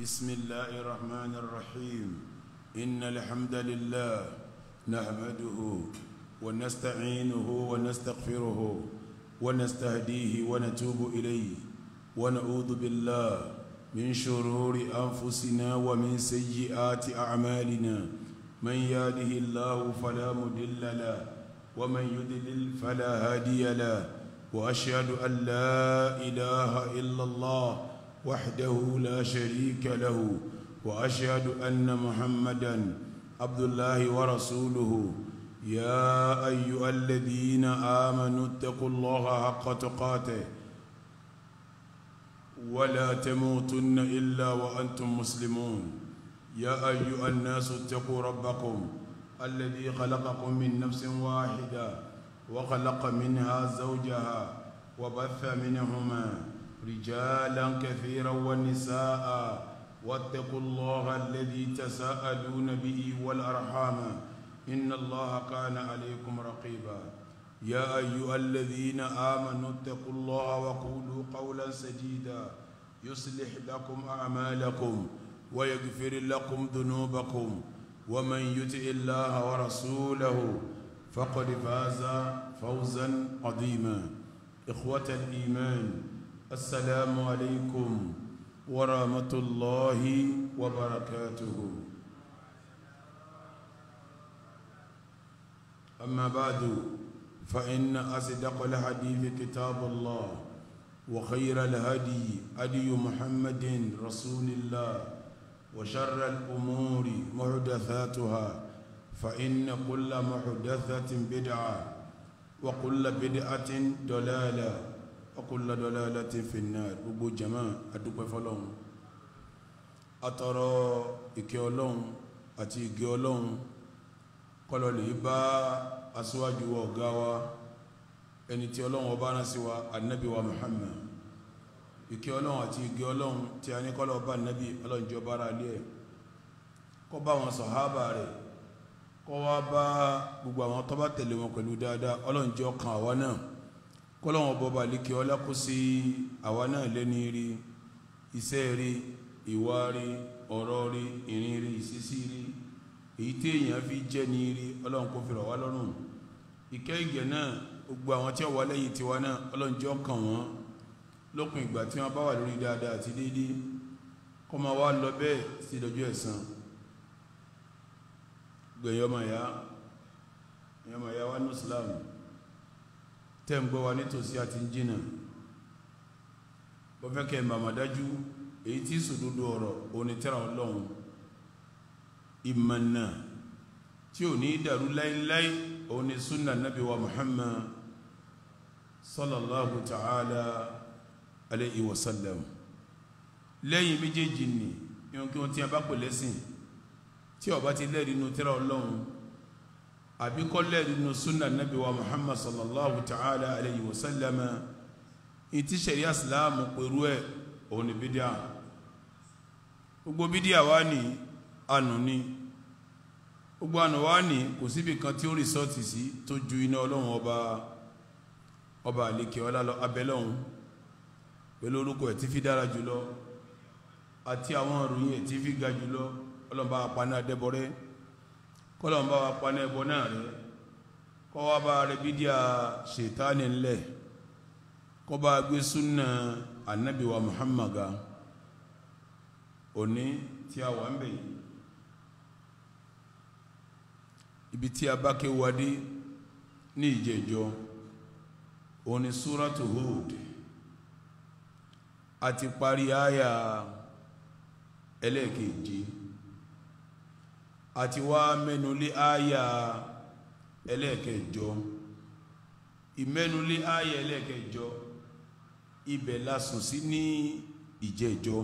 بسم الله الرحمن الرحيم إن الحمد لله نحمده ونستعينه ونستغفره ونستهديه ونتوب إليه ونعوذ بالله من شرور أنفسنا ومن سيئات أعمالنا من ياده الله فلا مضل له ومن يدلل فلا هادي له وأشهد أن لا إله إلا الله وحده لا شريك له واشهد ان محمدا عبد الله ورسوله يا ايها الذين امنوا اتقوا الله حق تقاته ولا تموتن الا وانتم مسلمون يا ايها الناس اتقوا ربكم الذي خلقكم من نفس واحده وخلق منها زوجها وبث منهما رجالا كثيرا ونساء واتقوا الله الذي تساءلون به والأرحام إن الله كان عليكم رقيبا يا أيها الذين آمنوا اتقوا الله وقولوا قولا سديدا يصلح لكم أعمالكم ويغفر لكم ذنوبكم ومن يطع الله ورسوله فقد فاز فوزا عظيما إخوة الإيمان السلام عليكم ورحمة الله وبركاته أما بعد فإن أصدق الحديث كتاب الله وخير الهدي هدي محمد رسول الله وشر الأمور محدثاتها فإن كل محدثة بدعة وكل بدعة دلالة وكل ضلالة في النار gbogbo jama adúpẹ́ fọ́lọ́run atọrọ ìkẹ́ Ọlọ́run àti ìgẹ́ Ọlọ́run kọlọ lè bá aṣíwájú wa ọ̀gá wa ẹni tí Ọlọ́run ọba rán sí wa anabi wa Muhammad ìkẹ́ Ọlọ́run àti ìgẹ́ Ọlọ́run tí a ní kọlọ ọba anabi Ọlọ́run jọ bára lé ẹ kó bá wọn sàhábà rẹ̀ kó wá bá gbogbo àwọn tó wọn pẹ̀lú dáadáa Ọlọ́run jọ àwa náà kọ́lọ́wọ́n bọba lékè ọlá kó sí àwa náà lẹ́ni rí iṣẹ́ rí ìwà rí ọ̀rọ̀ rí ìrìn rí ìṣísí rí èyí tí èèyàn fi jẹ́ ní rí ọlọ́run kó fi rọ̀ wá lọ́rùn ìkẹ́ ìgẹ̀ gbẹ̀yọ́mọ̀ ya ẹ̀yọ́mọ̀ ya wà ní ìsìláàmù tẹ́ ń gbọ́ wa nítòsí àti ń jìnà bọ́fẹ́kẹ́ màmàdájú èyí tí sòdodo ọ̀rọ̀ onítẹ́ra ọlọ́run ìmọ̀nà tí ò ní dàrú láíláí òun súnà nábì Muhammad sallallahu ta'ala alayhi wa sallam lẹ́yìn méjèèjì ni ìhun kí wọ́n ti abápò lẹ́sìn tí ó ti lẹ́rìí nínú ọlọ́run àbí kọ́lẹ̀ nínú súnà nàbí wa muhammad sallallahu ta'ala alayhi wa sallam ìtí sẹ̀rí àsìláàmù pẹ̀lú ẹ̀ òun ni bídíà gbogbo bídíà wá ní ànú ni gbogbo ànú wá ní kò síbi kan tí ó rìsọ́ọ̀tì sí tó ju iná ọlọ́run ọba ọba àlekè ọlá lọ pẹ̀lú orúkọ ẹ̀ tí fi dára jùlọ àti àwọn ìròyìn ẹ̀ tí fi ga jùlọ ọlọ́run bá apaná adẹ́bọrẹ́ kọ́lọ̀ ń bá wa paná ẹbọ náà rẹ kọ́ wa bá rẹ bídíà ṣètánì ńlẹ̀ kọ́ bá gbé súnà ànábìwá muhammaga òní tí a wà ń bẹ̀ yìí ibi tí a bá ké ní ìjẹjọ òní súrátù Hud àti parí àyà ẹlẹ́ẹ̀kejì àti wá mẹ́nulé àyà ẹlẹ́ẹ̀kẹjọ ìmẹ́nulé àyà ẹlẹ́ẹ̀kẹjọ ibẹ̀ la sùn sí ní ìjẹjọ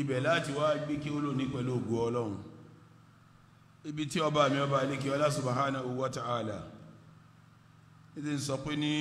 ibẹ̀ láti wá gbé kí ó lóní pẹ̀lú ògo ọlọ́run ibi tí ọba mi ọba ilé kí ọlá subhanahu wa ta'ala sọ pé ní.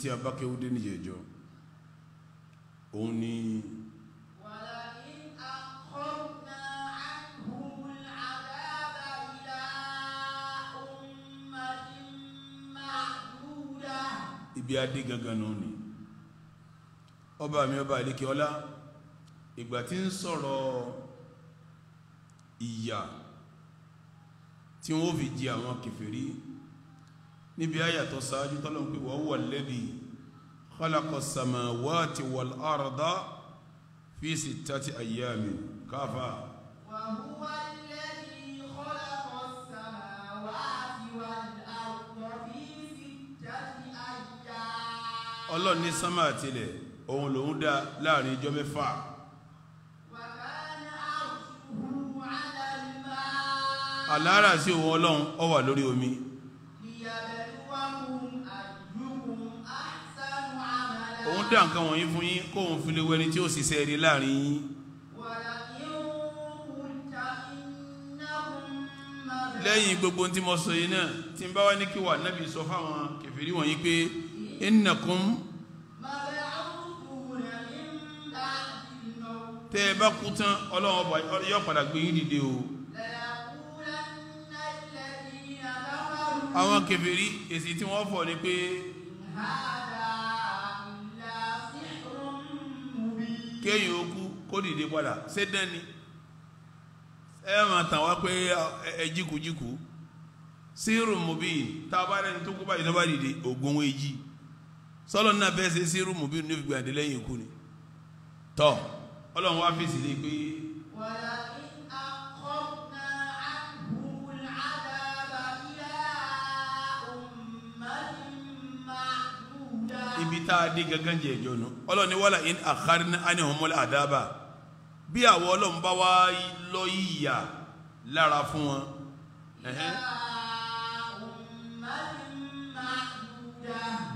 tí a bá kéwú dé níjẹjọ òun ni. wàlá ibi adé gangan náà ni ọba mi ọba àlékè ọlá ìgbà tí ń sọ̀rọ̀ ìyà tí wọ́n fi jẹ àwọn kèfèrí níbi ayàtọ̀ sáájú tọ́lọ̀ ń pè wọ́n wà lẹ́bi kọ́lákọ̀ sàmáwáàtì wal arda fi sittati ayyami káfà. wa huwa alladhi khalaqa as-samawati wal arda fi sittati ayyami. ọlọ́run ní sánmà àtìlẹ̀ òun lòún dá láàrin ijọ́ mẹ́fà. wa sí òun ọlọ́run ó lórí omi. òun dá nǹkan wọ̀nyí fún yín kóun fi lè wẹni tí ó sì sẹ́ẹ̀rí láàrin yín. lẹ́yìn gbogbo tí mo sọ yìí náà tí n bá wá ní kí wà nábì sọ fáwọn kẹfìrí wọ̀nyí pé innakum tẹ́ ẹ bá kú tán ọlọ́run ọba yóò padà gbé yín dìde o. àwọn kẹfìrí èsì tí wọ́n fọ̀ ni pé. kéèyàn okú kó dìde padà ṣé dẹ́ni ẹ máa tàn wá pé ẹ jìkújìkú sírù mùbíì tá a bá rẹni tó kú báyìí tó dìde ògùn èjì sọlọ ṣe ní lẹ́yìn ni tọ́ ọlọ́run wá fèsì lé pé. tá a dé gangan jẹ ìjọ nu ọlọ́ni wàlà in àkárin ani ọmọlẹ àdábà bí àwọn ọlọ́run bá wá lọ ìyà lára fún wọn.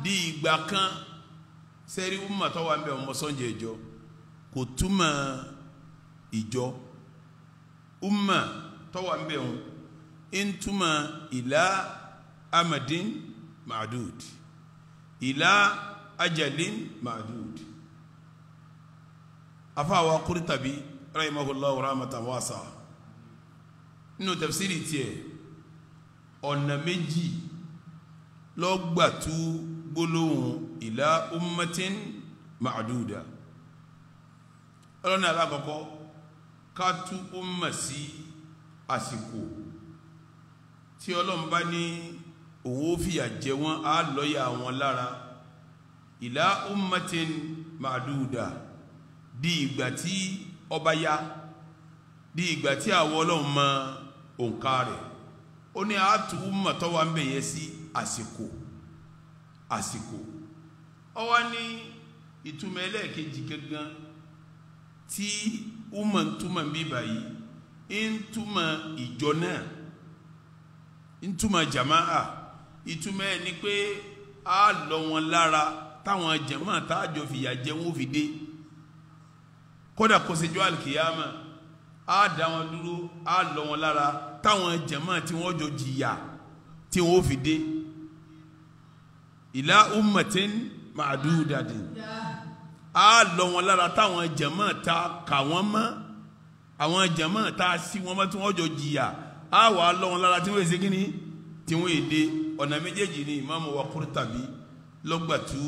di ìgbà kan sẹ́rí wúmọ̀tọ́ wa ń bẹ̀ ọmọ sọ́njẹ ìjọ kò túmọ̀ ìjọ umma tọ́wà ń bẹ̀ wọn ń túmọ̀ ìlà amadin madud ìlà ajalin ma'dud afaawa Qurtubi rahimahullahu rahmatan wasa nínú tafsiri tiẹ̀ ọ̀nà méjì lọ́gbàtú gbólóhùn ìlà ummatin ma'duda ọlọ́nà alákọ̀ọ́kọ́ ká tú umma sí àsìkò tí ọlọ́run bá ní òun ó fìyà jẹ wọ́n ìlà ummatin ma'duda di ìgbà tí ọba ya di ìgbà tí àwọn ọlọ́run mọ òǹkà rẹ̀ ó ní àtú mọ̀tọ́ wa ń bẹ̀yẹ sí àsìkò àsìkò ó wá ní ìtumọ̀ ẹlẹ́ẹ̀kejì gangan tí umar ń bí báyìí ń ìjọ náà ń túmọ̀ ìtumọ̀ ẹ̀ ni pé a lọ wọn lára táwọn jẹ̀mọ́ àtàjọ fìyà jẹ wọn fi dé kódà kò sí jọ àlìkìyàmà á dá wọn dúró á lọ wọn lára táwọn jẹ̀mọ́ tí wọ́n jọ jìyà tí wọ́n fi dé ìlà ummatin ma'dudadin á lọ wọn lára táwọn jẹ̀mọ́ ta kà wọ́n mọ́ àwọn jẹ̀mọ́ ta sí wọn mọ́ tí wọ́n jọ jìyà á wà á lọ wọn lára tí wọ́n èsì kínní tí wọ́n èdè ọ̀nà méjèèjì ni ìmáàmù wa Qurtubi lọ́gbà tú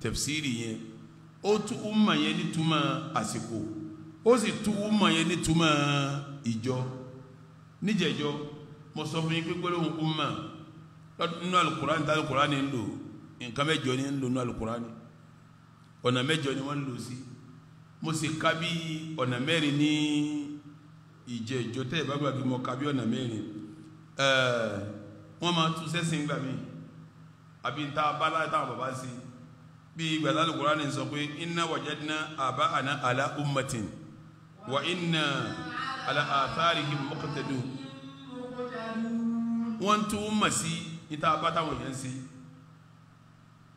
tẹ̀fsírì yẹn ó tú umma yẹn nítumọ̀ àsìkò ó sì tú umma yẹn nítumọ̀ ìjọ níjẹ̀jọ mo sọ fún yín pé gbólóhùn umma nínú alukurani tí alukurani ń lò nǹkan mẹ́jọ ni ń lò nínú alukurani ọ̀nà mẹ́jọ ni wọ́n ń lò sí mo sì ka bí ọ̀nà mẹ́rin ní ìjẹ̀jọ tẹ́ ẹ̀ bá gbàgbé mo ka bí ọ̀nà mẹ́rin wọ́n máa tú sẹ́sìn gbà míì àbí n ta bala táwọn baba ṣe bí gbàdálù kúránì sọ pé inna wajadna aba'ana ala ummatin wa inna ala atharihim muqtadun wọ́n tún mọ̀ sí n ta bá táwọn yẹn ṣe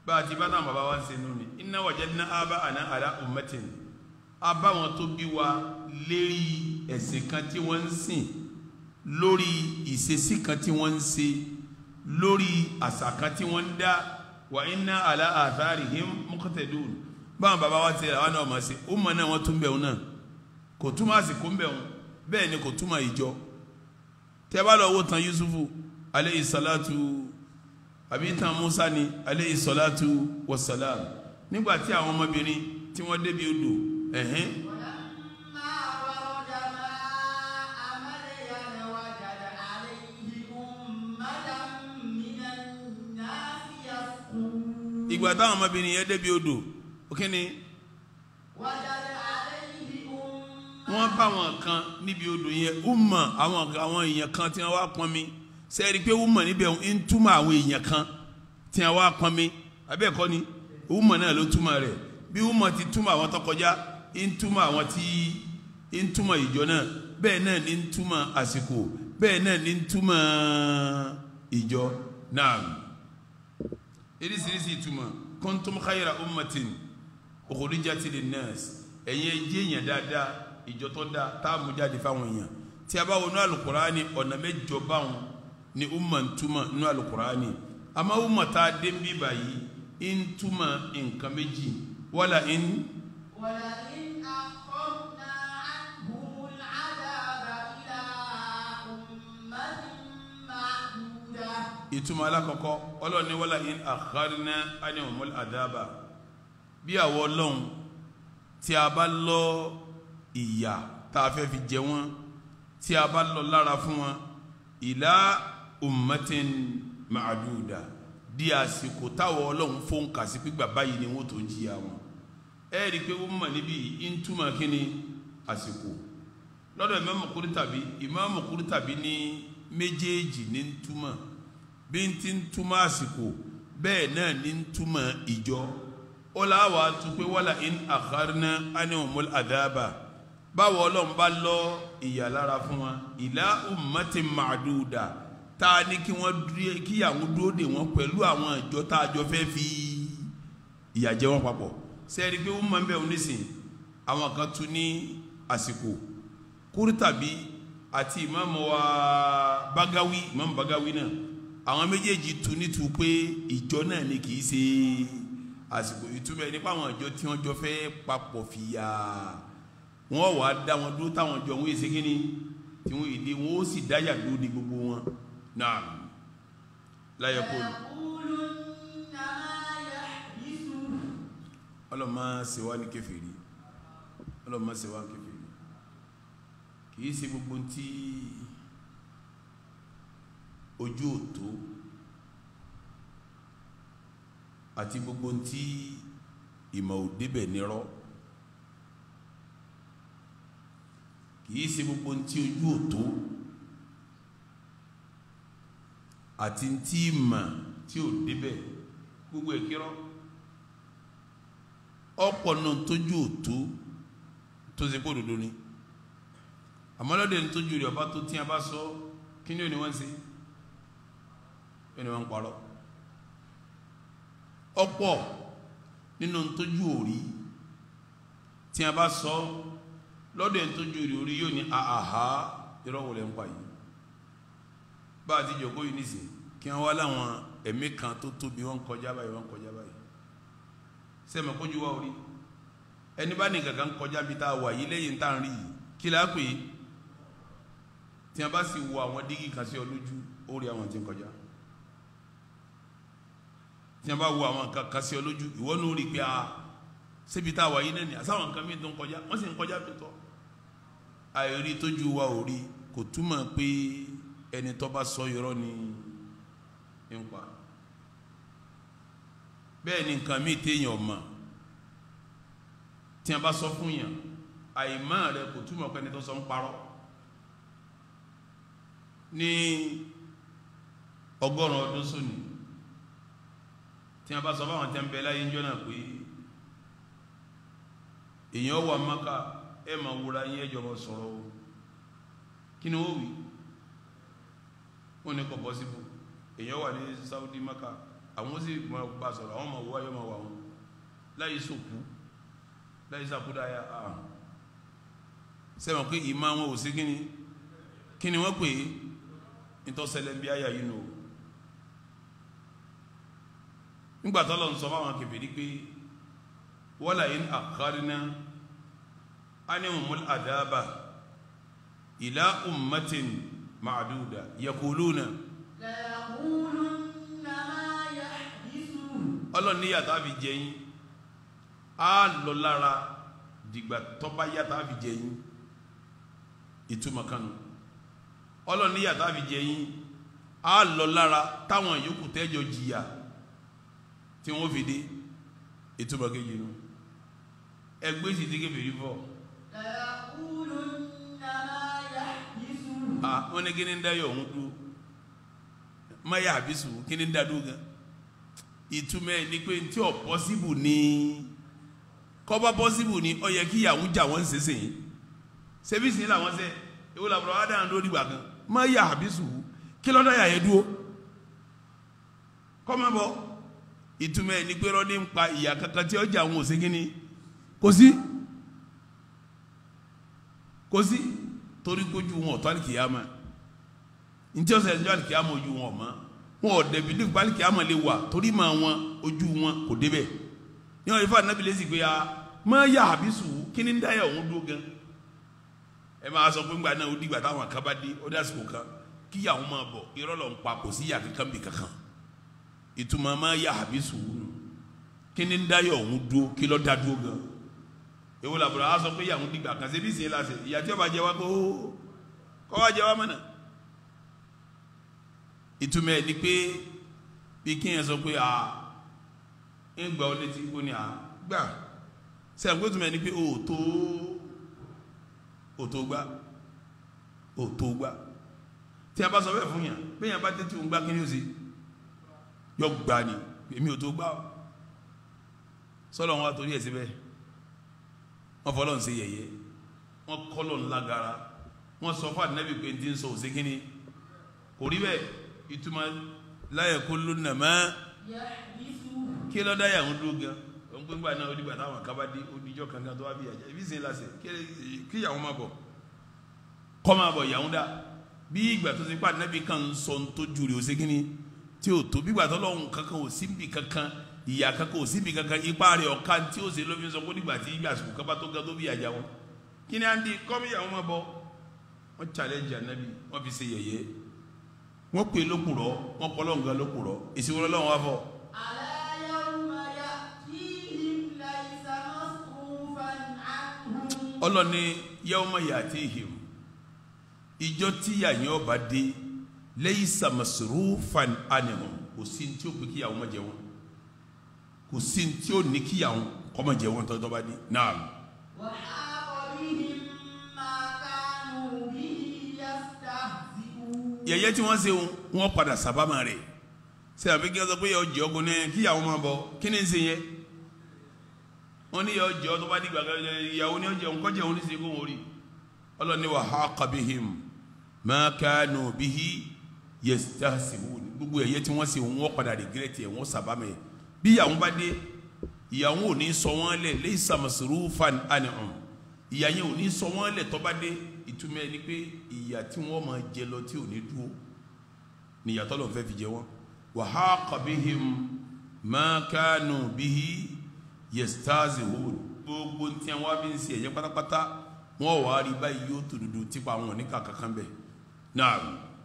bá a ti bá táwọn baba wa ṣe nù ni inna wajadna aba'ana ala ummatin a wọn tó bí wa lérí ẹ̀sìn kan tí wọ́n ń sìn lórí ìṣesí kan tí wọ́n ń ṣe lórí àṣàkan tí wọ́n ń dá wà iná àlá atharihim muqtadun báwọn bàbá wa ti rà wọn náà máa ṣe ó mọ náà wọn tún bẹ̀ wọn náà kò túmọ̀ àsìkò ń bẹ̀ wọn bẹ́ẹ̀ ni kò túmọ̀ ìjọ tẹ́ bá lọ tán Yusufu aleyhi salatu àbí tán Musa ni aleyhi salatu wasalam nígbà tí àwọn ọmọbìnrin tí wọ́n débi odò ẹ̀hẹ́n. ìgbà táwọn ọmọbìnrin yẹn débi odò òkè ni. wọ́n bá wọn kan níbi odò yẹn umma àwọn àwọn èèyàn kan tí wọ́n wá pọn mi sẹ́ẹ̀rí pé umma níbẹ̀ ń túmọ̀ àwọn èèyàn kan tí wọ́n wá pọn mi abẹ́ẹ̀kọ́ ni umma náà ló túmọ̀ rẹ̀ bí umma ti túmọ̀ àwọn tó kọjá ń túmọ̀ àwọn tí ń túmọ̀ ìjọ náà bẹ́ẹ̀ náà ni ń túmọ̀ àsìkò bẹ́ẹ̀ náà ni ń túmọ̀ ìjọ náà erisirisi ìtumọ̀ kuntum khayra ummatin ukhrijat linnas ẹ̀yin ẹ̀jẹ̀ èèyàn dáadáa ìjọ da dáa táàmù jáde fáwọn èèyàn tí a bá wọnú alukurani ọ̀nà mẹ́jọ báwọn ni umma ń túmọ̀ nínú alukurani àmọ́ umma tá a dé ń bí báyìí ń túmọ̀ wala ń. wala ń. ìtumọ̀ alákọ̀ọ́kọ́ ọlọ́run ní wọ́lá yìí àkárínà ánìwòmọ́lá àdáàbà bí àwọn ọlọ́run tí a bá lọ ìyà tá a fẹ́ fi jẹ wọ́n tí a bá lọ lára fún wọn ìlà ummatin ma'aduda di àsìkò táwọn ọlọ́run fóun kà sí pígbà báyìí ni wọ́n tó ń jìyà wọn ẹ rí i pé wọ́n mọ̀ níbí ń túmọ̀ kí ni àsìkò lọ́dọ̀ ìmáàmù Kurtabi ìmáàmù Kurtabi ní méjèèjì ní túmọ̀ bí n ti ń túmọ̀ àsìkò bẹ́ẹ̀ náà ní ń túmọ̀ ìjọ ó láwàá tu pé wàlà in àkárínà ánìwòmọ́lá àdáàbà báwo ọlọ́run bá lọ ìyà lára fún wa ìlà ummatin ma'duda tá a ní kí wọ́n kíyàwó dúró dè wọ́n pẹ̀lú àwọn ìjọ tá a jọ fẹ́ fi ìyà jẹ papọ̀ sẹ́ẹ̀rí pé ó máa ń bẹ̀ ọ́ nísìnyí àwọn kan tún ní àsìkò kúrítàbí àti ìmáàmù wa bagawi ìmáàmù bagawi náà àwọn méjèèjì tu nítu pé ìjọ náà ni kì í ṣe àsìkò ìtumọ̀ nípa àwọn ìjọ tí wọ́n jọ fẹ́ papọ̀ fìyà wọ́n wà á dá wọn dúró táwọn jọ wọ́n èsì kínní tí wọ́n èdè wọ́n ó sì dáyà dúró ní gbogbo wọn náà láyọ̀ kó lù. ọlọ́mọ ṣèwá ní kèfèrí ọlọ́mọ ṣèwá ní kì í ṣe gbogbo ntí ojú òtó àti gbogbo ntí ìmọ̀ òdebẹ̀ nírọ́ kìí ṣe gbogbo ntí ojú òtó àti ntí ìmọ̀ tí òdebẹ̀ gbogbo ẹ̀kírọ́ ọ̀pọ̀ náà tójú òtó tó ṣe kó dodo ni àmọ́ lọ́dẹ̀ ní rẹ̀ ọba tó tí a bá sọ kí ni ò wọ́n ṣe ẹni wọ́n ń parọ́ ọ̀pọ̀ nínú ntọ́jú òrí tí a bá sọ lọ́dọ̀ ntọ́jú òrí yóò ní àhà ìrọ̀wọ̀lẹ̀ ń pa yìí bá a ti jòkó yìí nísìnyí kí wọ́n wá láwọn ẹ̀mí kan tó tóbi wọ́n kọjá báyìí wọ́n kọjá báyìí sẹ́mi kójú wá orí ẹni bá nìkan kan kọjá bí tá a wà yìí lẹ́yìn tá à ń rí yìí kí la pè é tí a bá sì wo àwọn dígí kan sí ọ lójú ó rí àwọn tí ń kọjá tí a bá wo àwọn nǹkan kasi olójú ìwọ ní orí pé a ah, síbi tá a wà yín náà ni àsáwọn nǹkan mi tó ń kọjá wọ́n sì ń kọjá tó tọ́ àìrí tójú wa ò rí kò túmọ̀ pé ẹni tó bá sọ irọ́ ni ń pa bẹ́ẹ̀ ni nǹkan mi téèyàn mọ̀ tí a bá sọ fún yàn àìmọ̀ rẹ kò túmọ̀ pé ẹni tó sọ ń parọ́ ní ọgọ́rùn-ún ọdún sónìí tí wọn bá sọ fáwọn tẹ́ ń bẹ láyé ńjọ́ náà pé èèyàn wà maka ẹ máa wúra yín ẹjọ́ bá sọ̀rọ̀ o kí ni ó wì wọn ní kò pọ́sibú èèyàn wà ní Saudi maka àwọn sì máa bá sọ̀rọ̀ àwọn máa wọ ayọ́ máa wà wọn láyé sòkú láyé sàkúdáyà àhàn sẹ́wọ̀n pé ìmọ̀ àwọn ò sí kí ni kí ni wọ́n pè é nítọ́sẹ̀lẹ̀ bí àyà yìí nù o. nígbà tó lọ́n sọ fún àwọn kèfèrí pé wọ́lá in àkárínà ánìmọ̀mọ́lá àdáàbà ìlà ummatin ma'aduda yakuluna ọlọ́ni yàtọ̀ àfi jẹyìn á lọ lára dìgbà tọ́ba yàtọ̀ àfi jẹyìn ìtumọ̀ kanu ọlọ́ni yàtọ̀ àfi jẹyìn á lọ lára táwọn yòókù tẹ́jọ jìyà tí wọ́n fi dé ìtumọ̀ kejì nù ẹgbẹ́ sì ti kébèrè bọ̀. Ah, wọ́n ní kíni ń dá yọ̀ ọ̀hún dúró máyà àbísù kíni ń dá dúró gan ìtumọ̀ ẹ̀ ni pé ntí ọ̀ pọ́síbù ni kọ́ba pọ́síbù ni ọ yẹ kí ìyàwó jà wọ́n ṣẹṣẹ yìí sẹ́fíìsì làwọn sẹ́ ewu làbúrò adáhùn dúró dìgbà kan máyà àbísù kí lọ́dọ̀ yà yẹ dúró kọ́ máa ìtumọ̀ ẹni pé rọ́ọ̀dì ń pa ìyà kankan tí ọjà ò sí kínní kò sí kò sí torí kójú wọn ọ̀tọ́ àlìkìyàmà ntí ọ̀sẹ̀ ẹ̀jọ́ àlìkìyàmà ojú wọn ọ̀mọ́ wọn ò dẹ̀bi ní àlìkìyàmà lè wà torí mà wọn ojú wọn kò débẹ̀ ní lè sì ya máa yà kíní òun dúró sọ pé náà ó dìgbà táwọn ó kan ìtumọ̀ máa yà àbísù wúnu kí ni ń dáyọ̀ òun dúró kí lọ́ọ́ dá dúró gan ewu làbúrò a sọ pé yàwó dìgbà kan ṣebí sèé lásè ìyá tí ó bá jẹ wá kó kó wá jẹ wá mọ̀nà ìtumọ̀ ẹ̀ ni pé bí kí yẹn sọ pé a ń gbà ọ létí ó ní a gbà sẹ́yìn pé ìtumọ̀ ẹ̀ ni pé o tó gbà o gbà tí a bá sọ bẹ́ẹ̀ fún yàn bẹ́ẹ̀ yàn bá tètè òun gbà kí ni ó sì yọ gbà ní èmi ò tó gbà ó sọlọ wọn torí ẹ síbẹ̀ wọn fọlọ ń ṣe yẹ̀yẹ́ wọn kọlọ ńlá gara wọn sọ fún àdínẹ́bí pé ndí ń sọ òsè kínní kò rí bẹ́ẹ̀ ìtumọ̀ láyẹ̀ kó ló nà mọ́ kí ló dá yàrá dúró gan wọn gbé gbà náà ó dìgbà táwọn kaba dé odijọ́ kankan tó wá bí yàjá ibi sìn lásẹ̀ kí yàrá má bọ̀ kọ́ má bọ̀ yàrá dá bí ìgbà tó ti pa kan sọ ń tó ju òsè kínní tí o tó bí gbàtọ́ lọ́hùn kankan ò síbi kankan ìyá kankan ò síbi kankan ipá rẹ̀ ọ̀ka tí o ṣe lómi sọ kó nígbà tí ibi àsìkò kaba tó ga tó bí àjà wọn kí ni à ń di kọ́míyà wọn máa bọ wọn challenge anabi wọn fi ṣe yẹ̀yẹ́ wọn pè lókun rọ wọn kọ́ lọ́hùn gan lókun rọ èsì wọn lọ́hùn wá fọ. ọlọ́ni yẹ́wọ́n mọ̀ yà ti hìm ìjọ tíyà yẹn ọba dé. laysa masrufan anhum kò sí ní tí ó pè kíyàwó má jẹ wọn kò sí ní tí ó ní kíyàwó kọ́ jẹ wọn tọ́jú ọba dé naam. yẹ̀yẹ́ tí wọ́n ṣe wọ́n padà sábàmà rẹ̀ ṣe àbí kí wọ́n sọ pé yọ jẹ́ ọkùn náà kíyàwó máa ya kí ni ń ṣe yẹn wọ́n ní yọ jẹ́ ọ tó o wa ma kanu bihi. yẹsitasiwu gbogbo ẹyẹ tí wọn ṣe wọn padà regret ẹ wọn sábàmẹ bí ìyàwó bá dé ìyàwó ò ní sọ wọn lẹ lẹ́yìn sàmùsùrù fan anihàn um. ìyà yẹn ò ní sọ wọn lẹ tó bá dé ìtumọ̀ ẹni pé ìyà tí wọn máa jẹ lọ tí ò ní dúró níyàtọ̀ ló ń fẹ́ fi jẹ wọn wàhákà bíhìm mákànù bíhì yẹsitasiwu gbogbo tí wọn bí ń ṣe ẹyẹ pátápátá wọn wà á rí báyìí yóò tó dúdú tipa wọn ní kàkàkàn bẹ náà.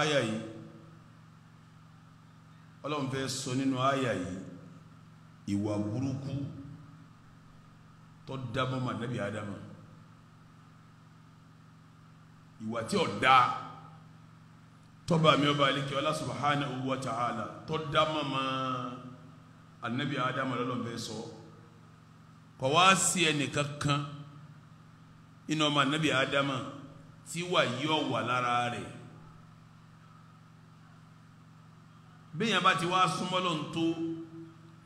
áyà yìí ọlọ́run fẹ́ sọ nínú áyà yìí ìwà burúkú tó dábọ́ mà nẹ́bí ádámà ìwà tí ò dáa tọba mi ọba alike ọlá subhanahu wa ta'ala tó dáma ma anabi adama lọlọm sọ kọ wá sí ẹnìkan kan iná ọmọ anabi adama tí wà yọ wà lára rẹ̀ bẹ́ẹ̀yàn bá ti wá súnmọ́ lọ́n tó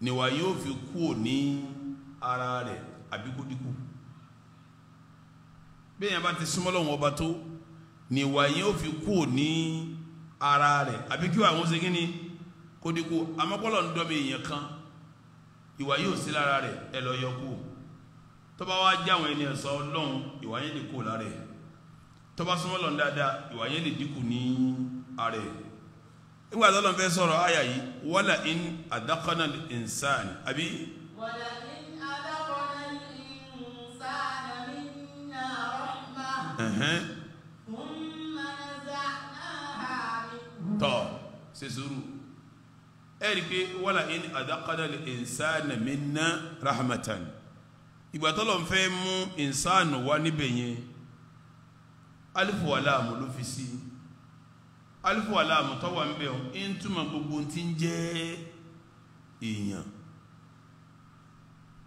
níwà yóò fi kú ní ara rẹ̀ àbíkúdíkù bẹ́ẹ̀yàn bá ti súnmọ́ lọ́n ọba tó níwà yóò fi kú ní ara rẹ̀ àbíkú àwọn ṣe kíni kódíkù amápọ́lọ̀ ń dọ́mi èèyàn kan ìwà yóò sí lára rẹ̀ ẹ lọ yọ kú tọ́ba wá jáwọn ẹni ẹ̀sọ́ lọ́hùn ìwà yẹn lè kú lára rẹ̀ tọ́ba súnmọ́ lọ́n dáadáa ìwà yẹn lè dínkù ní ara rẹ̀ nígbà tó lọ́n fẹ́ sọ̀rọ̀ àyà yìí wala in adakana insan àbí. wala in adakana insan minna rahma. thumma naza'naha minhu. tọ́ ṣe sùúrù ẹ rí i pé wala in adakana insan minna rahmatan ìgbà tó fẹ́ mú insan wá níbẹ̀ yẹn alifu alifu alamu tó wà ń bẹ̀ ń túmọ̀ gbogbo tí ń jẹ́ èèyàn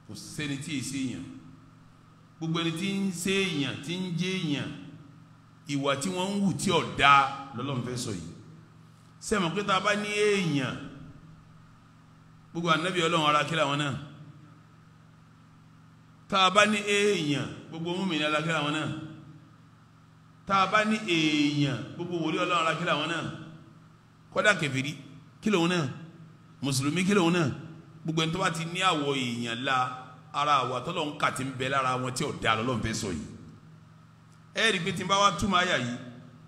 kò sẹ́ni tí èsì èèyàn gbogbo ẹni tí ń ṣe èèyàn tí ń jẹ́ èèyàn ìwà tí wọ́n ń wù tí ò dáa sọ yìí sẹ́mi pé tá a bá ní èèyàn gbogbo ànábì ọlọ́run ara kí làwọn náà tá a bá ní èèyàn gbogbo mùmínì ara kí làwọn náà tá a bá ní èèyàn gbogbo wòlíì ọlọ́run akílà wọn náà kọ́dà kẹfìrí kí lòun náà mùsùlùmí kí lòun náà gbogbo ẹni tó bá ti ní àwọ̀ èèyàn la ara àwọ̀ àtọ́lọ̀ ń kà ti ń bẹ lára wọn tí ò da lọ́lọ́run fẹ́ sọ yìí ẹ rí i pé tí n bá wá túmọ̀ àyà yìí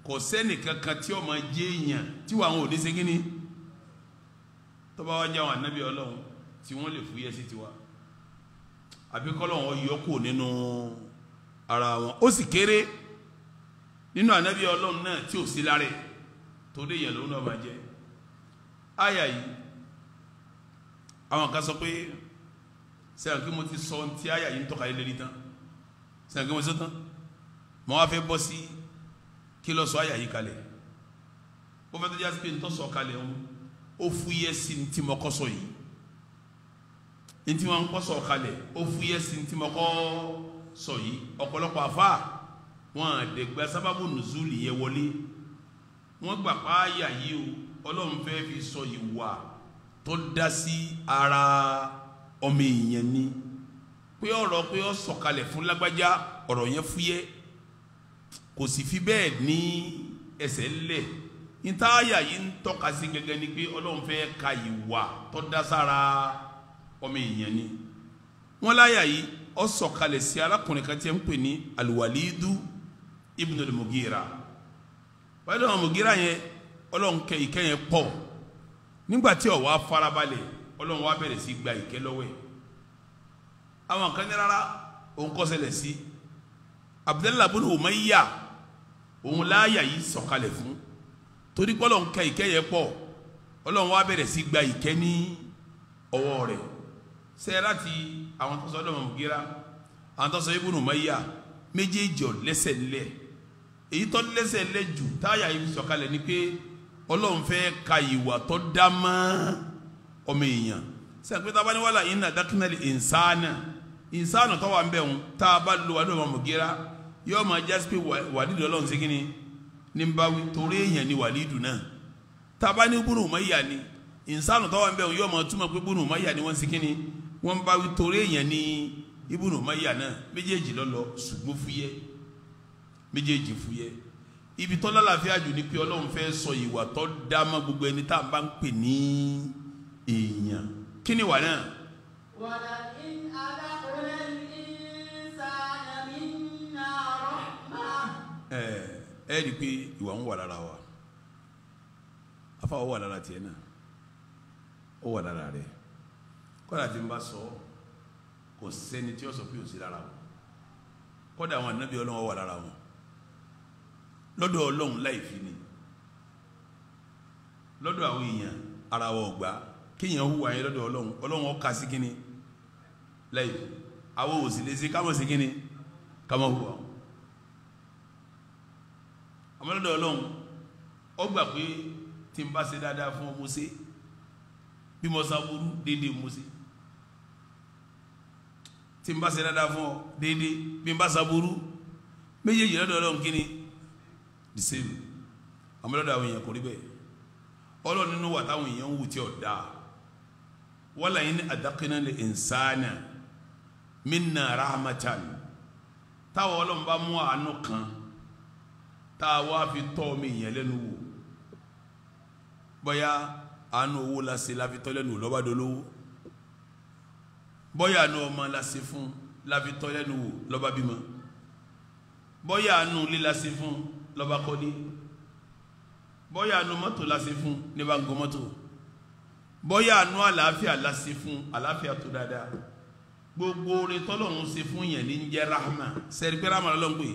kò sẹ́nì kankan tí ọmọ jẹ́ èèyàn tí wàá wọn ò ní segin ní tó bá wá jẹ́ àwọn ànábì ọlọ́run tí wọ́n lè fúyẹ́ sí tiwa àbí kọ́lọ́run yọ nínú ara wọn ó sì kéré nínú ànábì ọlọ́run náà tí ò sí lára torí èèyàn lòun náà máa jẹ àyà yìí àwọn kan sọ pé sẹ́yìn kí mo ti sọ ti àyà yìí ń tọ́ka ilé rí tán sẹ́yìn kí mo ti sọ tán mo wá fẹ́ bọ́ sí kí ló sọ àyà yìí kalẹ̀ ó fẹ́ tó jásí pé ntọ́ sọ kalẹ̀ ń ó fúyẹ́ sí ní tí mo kọ́ sọ yìí ní tí wọ́n kọ́ sọ kalẹ̀ ó fúyẹ́ sí ní tí mo kọ́ sọ yìí ọ̀pọ̀lọpọ̀ àfáà wọn àdègbà sábàbù nùzúlì yẹn wọlé wọn gbà páàyà yìí o ọlọ́run fẹ́ fi sọ ìwà tó dá sí ara ọmọ èèyàn ni pé ọ̀rọ̀ pé ó sọ̀kalẹ̀ fún lágbájá ọ̀rọ̀ yẹn fúyẹ́ kò sì fi bẹ́ẹ̀ ní ẹsẹ̀ ńlẹ̀ ntaaya yìí ń tọ́ka sí gẹ́gẹ́ ni pé ọlọ́run fẹ́ ka ìwà tó dá sára ọmọ èèyàn ni wọ́n láyà yìí ó sọ̀kalẹ̀ sí arákùnrin kan tí ń pè ní alùwàlídùú ibn al-mugira wáyé lọ́wọ́ mugira yẹn ọlọ́run kẹ́ ìkẹ́ yẹn pọ̀ nígbà tí ó wá farabalẹ̀ ọlọ́run wá bẹ̀rẹ̀ sí gba ìkẹ́ lọ́wọ́ ẹ̀ àwọn kan ní rárá òun kò ṣẹlẹ̀ sí abdullahi abu umayya òun láàyà yìí sọ̀kalẹ̀ fún torí pé ọlọ́run kẹ́ ìkẹ́ yẹn pọ̀ ọlọ́run wá bẹ̀rẹ̀ sí gba ìkẹ́ ní ọwọ́ rẹ̀ sẹ́yìn láti àwọn tó sọ ọlọ́run mugira àwọn tó sọ ibùnú umayya méjèèjì ọ̀ lẹ́sẹ̀ nílẹ̀ èyí tó lẹ́sẹ̀ lẹ́jù táyà yìí sọ̀kalẹ̀ ni pé ọlọ́run fẹ́ ka ìwà tó dá mọ́ ọmọ èèyàn sẹ́yìn pé tábà ní wàhálà yìí nà dákínàlì ìnsánà ìnsánà tó wà ń bẹ̀ wọn tá a bá lo wàdí ọmọ mọ̀gẹ́ra yóò máa jásí pé wàdídì ọlọ́run ṣe kí ni ní bá wí torí èèyàn ni wàdídù náà tábà ní gbónú mọ́yà ni ìnsánà tó wà ń bẹ̀ wọn yóò máa túmọ̀ pé gbónú mọ́yà ni wọ́n ṣe kí ni wọ́n bá wí torí èèyàn ni méjèèjì fúyẹ́ ibi tó lálàáfíà jù ni pé ọlọ́run fẹ́ sọ ìwà tó dá mọ́ gbogbo ẹni tá à ń bá ń pè ní èèyàn kí ni ìwà náà. wàlá in adákùnrin ní sáà náà rọ̀ ẹ ẹ rí i pé ìwà ń wà lára wa afa ó wà lára tiẹ̀ náà ó wà lára rẹ̀ kọ́dà tí n bá sọ kò sẹ́ni tí ó sọ pé ó sí lára wọn kọ́dà àwọn ànábì ọlọ́run wà lára wọn lọ́dọ̀ ọlọ́run láì fi ni lọ́dọ̀ àwọn èèyàn ara wọn gbà kéèyàn hùwà yẹn lọ́dọ̀ ọlọ́run ọlọ́run ọkà sí kínní láì fi àwọn òsì lè ṣe kámọ̀ sí kínní kámọ̀ hùwà wọn. àmọ́ lọ́dọ̀ ọlọ́run ó gbà pé tí n bá ṣe dáadáa fún ọmọ ṣe bí mo ṣàbúrú déédéé mo ṣe tí n bá ṣe dáadáa fún ọ déédéé bí n bá ṣàbúrú méjèèjì lọ́dọ̀ ọlọ́run kínní the same àmọ́lọ́dọ̀ àwọn èèyàn kò rí bẹ́ẹ̀ ọlọ́run nínú wà táwọn èèyàn ń wù tí ò dáa wala yín adakínà lè nsánà minna rahmatan táwọn ọlọ́run bá mú àánú kan táwa fi tọ́ mi yẹn lẹ́nu wò bóyá àánú owó la ṣe láfi tọ́ lẹ́nu lọ́ba dolówó bóyá àánú ọmọ la ṣe fún láfi tọ́ lẹ́nu wò lọ́ba bímọ bóyá àánú ilé la ṣe fún lọ́ba kọ́dé bọ́yà àánú mọ́tò láṣẹ fún ní bá ń gọ mọ́tò bọ́yà àánú àlàáfíà láṣẹ fún àlàáfíà tó dáadáa gbogbo orin tọ́lọ́run ṣe fún yẹn ní ń jẹ́ rahma sẹ́rí pé rahma lọ́lọ́run pé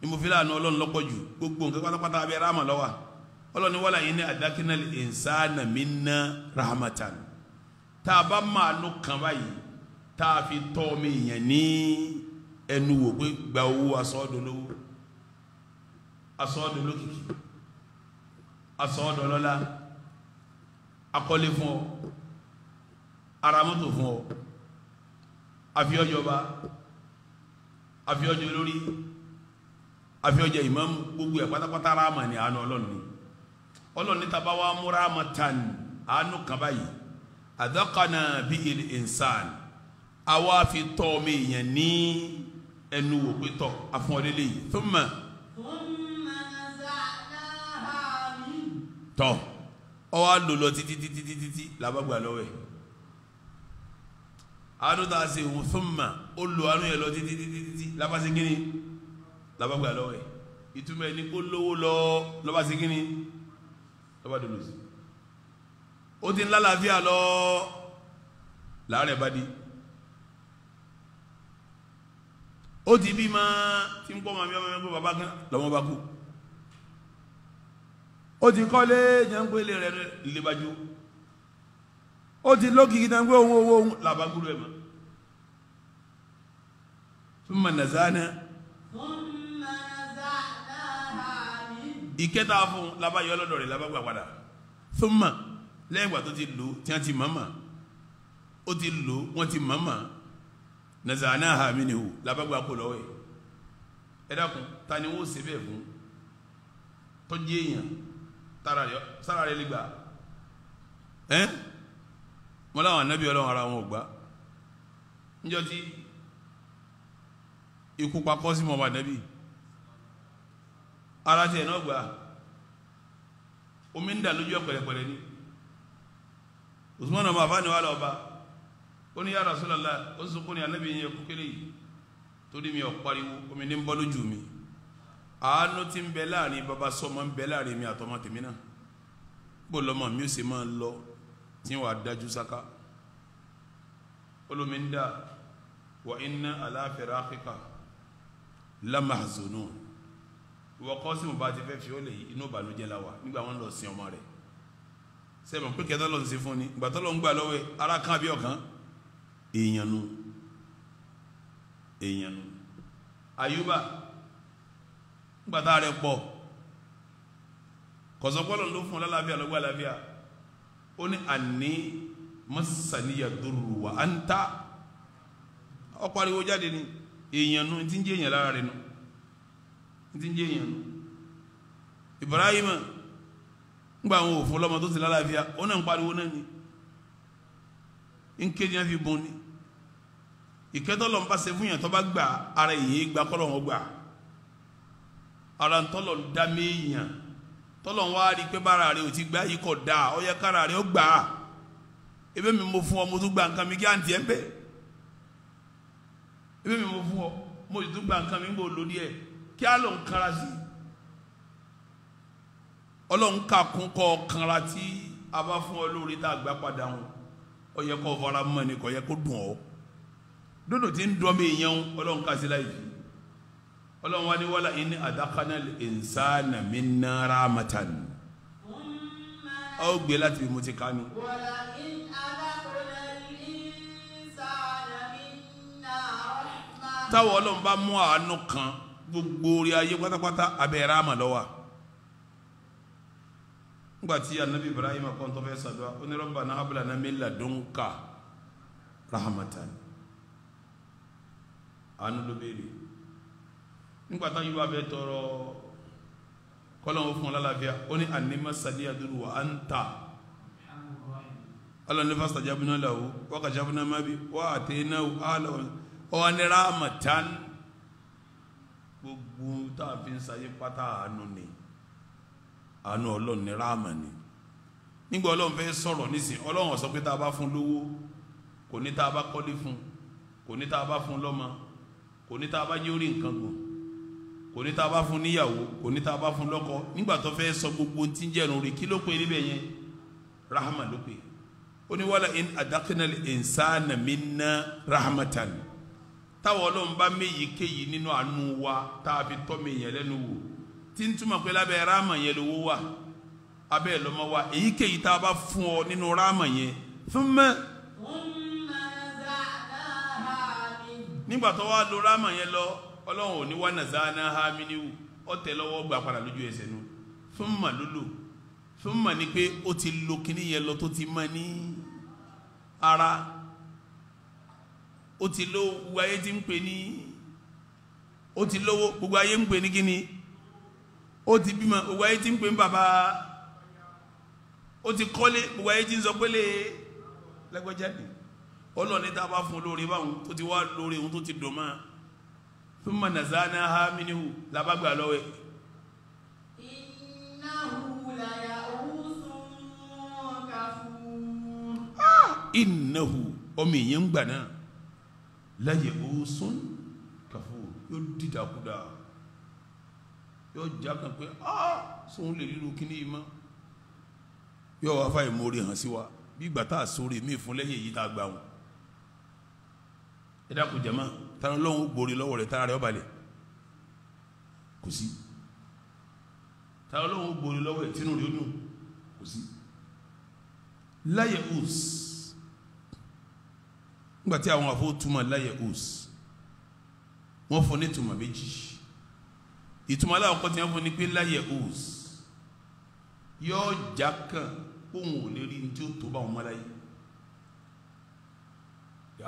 ni mo fi láàánú ọlọ́run lọ́pọ̀ jù gbogbo nǹkan pátápátá abẹ́ rahma lọ́wà ọlọ́run wọ́n láyé ní àdákínàlì ìnsáànà mi ná rahmatan tá a bá máa nú kan báyìí tá a fi tọ́ mi yẹn ní ẹnu wò pé gba owó aṣọ ọdún lówó asọ́ọ́dọ̀ olókìkí asọ́ọ́dọ̀ ọlọ́lá akọ́lé fún ọ ara mọ́tò fún ọ àfiọ́jọba àfiọ́jọ lórí àfiọ́jọ ìmáàmù gbogbo ẹ̀ pátápátá ráàmà ni àánú ọlọ́run ni ọlọ́run níta bá wá mú ráàmà tán àánú kan báyìí àdọ́kànnà bí ilé ìnsàn àwa fi tọ́ ọmọ èèyàn ní ẹnu wò pé tọ́ fún mọ́. tán ọwọ́ á lò lọ títí títí títí tí làbàgbà lọ́wọ́ ẹ̀ àánú tá a ṣe òun thumma ó lo àánú yẹn lọ títí títí títí làbàṣe kínní làbàgbà lọ́wọ́ ẹ̀ ìtumọ̀ ẹni kó lówó lọ lọ́bàṣe kínní lọ́bà dòdò sí ó ti ń lálàáfíà lọ làárẹ̀ bá di ó ti bí máa ti ń pọ́ màmí ọmọ ẹgbẹ́ bàbá kan lọ́mọ bá kú ó ti kọ́lé jẹ́ńpé ilé rẹ̀ lébàjú ó ti lókìkí jẹ́ńpé ohun owó ohun làbágúrú ẹ̀ mọ́ thumma nazana ìkẹta fún labayọ lọ́dọ̀ rẹ̀ labagba padà thumma lẹ́yìn ìgbà tó ti lò tí wọ́n ti mọ̀mọ́ ó ti lò wọ́n ti mọ̀mọ́ nazana haminihu labagba kò lọ́wọ́ ẹ̀ ẹ dákun ta ni fún tọ́jú èèyàn. tára rẹ sára rẹ lè gbà ẹ wọn láwọn Ọlọ́run ara wọn ò gbà níjọ tí ikú pa Kọ́símù ọmọ anábì ara tiẹ̀ náà gbà omi ń dà lójú ẹ̀ pẹ̀lẹ́pẹ̀lẹ́ ni Usman ó ní ya Rasulullah ó sì àánú tí ń bẹ láàrin bàbá sọmọ ń bẹ láàrin mi àtọmọ tèmi náà bó lọmọ mi ò sì máa lọ tí wàá dájú sáká olómi wà inna ala firaqika lamahzunun wọ́n kọ́ sí mo bá ti fẹ́ fi ó lè yí inú ìbànújẹ́ la wà nígbà wọn lọ sin ọmọ rẹ̀ sẹ́mi pé kẹ́tọ́ lọ́n sí fún ni ìgbà tó lọ́n gbà lọ́wọ́ ara kan bí ọ̀kan èèyàn nu èèyàn nu àyùbá. gbadaa rẹ̀ pọ̀ kọ̀sọ̀pọ̀lọ̀ ló fún lálàáfíà lọ́gbà lálàáfíà ó ní àní mọ́sàníyà dòrò wa á ń ta ọ̀pariwo jáde ni èèyàn nu ti ń jẹ́ èèyàn lára nu ti ń èèyàn nu Ibrahim ngba àwọn òfò ti lálàáfíà ó náà ń pariwo náà náà ni ara gbà ara ń tọ́lọ̀ ń dá méèyàn tọ́lọ̀ ń wá rí i pé bára ti gbá yìí kọ̀ dáa ó yẹ kára rẹ ó gbà á ebe mi mo fún ọ mo tún gba nǹkan mi kí àǹtí ẹ ebe mi mo fún ọ mo tún gba nǹkan mi lórí lọ ń sí i ọlọ́run kún kọ́ gbà padà wọn yẹ kó fara mọ́ ẹni yẹ kó dùn tí ń dọ́ mi ọlọ́run sí ọlọ́run wá ní wala in adakana insana minna rahmatan ó gbé láti mo ti kánú. wala in adakana insana minna rahmatan. táwọn ọlọ́run bá mú àánú kan gbogbo orí ayé pátápátá abẹ́ rahma lọ́wọ́ ngbàtí anabi ibrahim akọntọ fẹ́ sadua onírọba náà abúlé anamí ladonka rahmatan anu ló béèrè nígbàtá yìí wà bẹ́ẹ̀ tọrọ kọ́lọ́hún fún ọlọ́láfíà ó ní ànímọ́sálí àdúrú wa á ń ta ọlọ́nifá sàjábúná làwọ̀ wákà jábúná má bí wá na àlọ́ ọwọ́ ní wa gbogbo tá a fi ń sayé pátá àánú ni àánú ọlọ́run ní rámà ni nígbà ọlọ́run fẹ́ sọ̀rọ̀ nísìn ọlọ́run sọ pé tá a bá fún lówó kò ní tá a bá kọ́lé fún kò ní tá a bá fún lọ́mọ kò ní tá a bá yóò rí nǹkan gùn kò ní tá a bá fún níyàwó kò ní tá a bá fún lọ́kọ nígbà tó fẹ́ sọ gbogbo tí ń jẹ̀rùn rè kí ló pe níbẹ̀ yẹn rahama ló pe ó ní wala in adakinali insana minna rahmatan táwọn ọlọ́run bá méyì kéyìí nínú àánú wa tá a fi tọ́ mi yẹn lẹ́nu wò tí ń túmọ̀ pé lábẹ́ rahama yẹn lówó wà abẹ́ lọ́mọ wa èyíkéyìí tá a bá fún ọ nínú rahama yẹn fún mẹ́ nígbà tó wá lo rahama yẹn lọ ọlọ́run ò ní wá nàzánà ha miniwu ọ̀tẹ̀ lọ́wọ́ gbà padà lójú ẹsẹ̀ nu fún mà lólò fún mà ní pé ó ti lo kíní yẹn lọ tó ti mọ ní ara ó ti lo gbogbo ayé ti ń pè ní ó ti lówó gbogbo ayé ń pè ní kíni ó ti bímọ gbogbo ayé ti ń pè ní bàbá ó ti kọ́lé gbogbo ayé ti ń sọ pé lẹ́gbẹ́jáde ọlọ́ọ̀ni tá a bá fún lórí báwọn tó ti wá lórí òun tó ti dùn máa thumma nazanaha minhu làbàgbà lọ́wọ́ ẹ̀. innahu la ya'usun kafur. innahu ọmọ èèyàn ń gbà náà la ya'usun kafur yóò dídàkudà yóò já kan pé sóun ah, lè lílu kíní yìí mọ́ yóò wá fáyìí mórí hàn mi fún lẹ́yìn èyí tá tára ọlọ́run ó gbòòrè lọ́wọ́ rẹ̀ tára rẹ̀ ó balẹ̀ kò sí tára ọlọ́run ó gbòòrè lọ́wọ́ rẹ̀ tínú rẹ̀ ó dùn kò sí láyé us nígbà tí àwọn àfọwọ́ túmọ̀ láyé us wọ́n fọ ní ìtumọ̀ méjì ìtumọ̀ aláwọ̀kọ́ tí wọ́n fọ ní pé láyé us yóò já kàn kóhùn ò lè rí ní tí ó tó bá wọn mọ́ láyé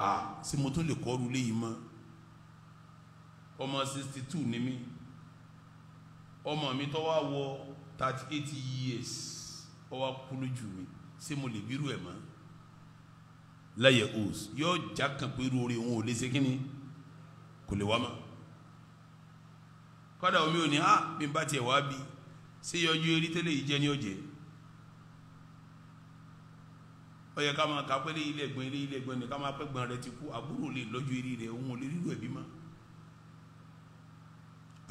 ah se mo tún lè kọ́ ọ́rù léyìí mọ́ ọmọ sixty two ni mí ọmọ mi tó wá wọ thirty eight years ó wá kú lójú mi ṣé mo lè bírú ẹ̀ mọ́ láyé os yóò já kan pé irú orí òun ò lè ṣe kínní kò lè wá mọ́ kọ́dà omi ò ní ah bí n bá tiẹ̀ wá bí ṣé yọjú eré tẹ́lẹ̀ yìí jẹ́ ní ọ̀jẹ̀ ó yẹ ká máa kápẹ́lẹ́ ilé ẹ̀gbọ́n ilé ẹ̀gbọ́n ni ká máa pẹ́gbọ́n rẹ ti kú àbúrò lè lọ́jọ́ eré rẹ òun ò lè rírú ẹ̀bí mọ́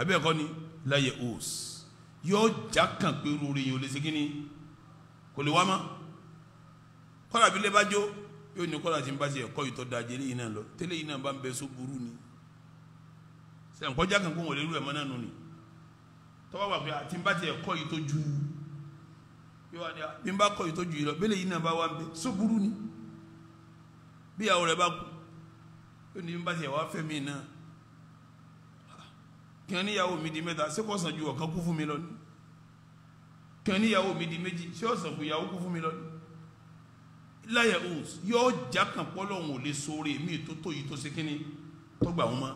abẹ́ ẹ̀kọ́ ni láyé os yóò já kàn pé rúurú yìí ò lè segin ni kò lè wá mọ́ kọ́lá abilé bá jó yóò ní kọ́lá tí ń bá ṣe ẹ̀kọ́ yìí tọ́ da jẹ́lé yìí náà lọ tẹ́lẹ̀ yìí náà bá ń bẹ so burú ni sẹ̀ǹkọ́já kan kó wọlé rú ẹ̀ mọ́ náà nù ni tọ́wọ́ wà pé àti ń bá ti ẹ̀kọ́ yìí ju yóò wá ní bí n bá kọ́ yìí ju yìí lọ bẹ́lẹ̀ yìí náà kí wọn níyàwó mi di mẹ́ta ṣé kò sàn ju ọ̀kan kú fún mi lọ ni kí wọn níyàwó mi di méjì ṣé ọ̀sàn kù ìyàwó kú fún mi lọ ni láyà os yóò já kan pọ́lọ́hún ò lè sóore mi tó tó yìí tó ṣe kínní tó gbà wọn mọ́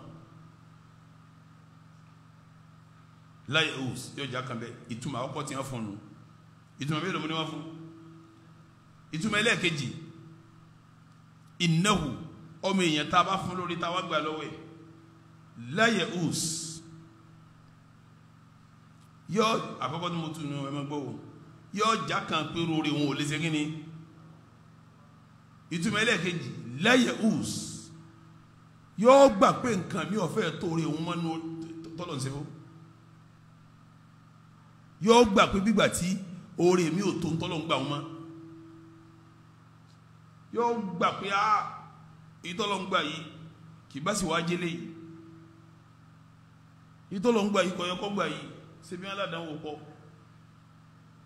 láyà os yóò já kan bẹ́ẹ̀ ìtumọ̀ àkọ́kọ́ tí wọ́n fún un ìtumọ̀ mélòó ni wọ́n fún ìtumọ̀ ẹlẹ́ẹ̀kejì ìnáwó ọmọ èèyàn tá a bá fún lórí tá a wá gbà lọ́wọ́ ẹ̀ láyà os yọ àkọ́kọ́ tí mo tún nù ẹ̀mọ́ gbọ́ wò yọ jà kan pé rúurú wọn ò lè ṣe kíni ìtumọ̀ ẹlẹ́ẹ̀kejì lẹ́yẹ̀ us yọ gbà pé nǹkan mi ọ̀fẹ́ torí òun mọ́ nù tọ́lọ̀ ń ṣe fún yọ gbà pé gbígbà tí oore mi ò tó ń tọ́lọ̀ ń gbà wọn mọ́ yọ gbà pé a ìtọ́lọ̀ ń gbà yìí kì bá sì wá jẹ́lẹ̀ yìí ìtọ́lọ̀ ń gbà yìí kọ̀yọ́kọ́ gbà yìí ṣebí aládánwò pọ̀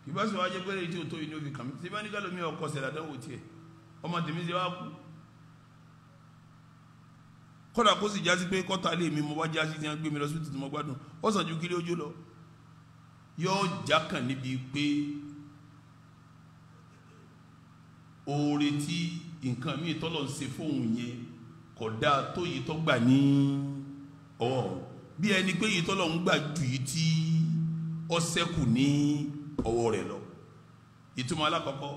ìbá sọ wájẹ́ pẹ́rẹ́ tí ó tó inú òbí kàmí ṣebí anígbà lómi ọkọ̀ ṣẹlẹ̀ àdánwò tiẹ̀ ọmọ tèmi ṣe wá kú kọ́dà kó sì jásí pé kọ́ta lé mi mo bá jásí tí wọ́n gbé mi lọ sí tuntun mo gbádùn ó sàn ju kílé ojú lọ yóò jákàn níbi pé oore tí nǹkan míì tọ́lọ̀ ń ṣe fóun yẹn kódà tó yìí tó gbà ní ọwọ́ bí ẹni pé yìí tọ́lọ̀ ń ju yìí tí ó ṣẹ́kù ní ọwọ́ rẹ̀ lọ ìtumọ̀ alákọ̀ọ́kọ́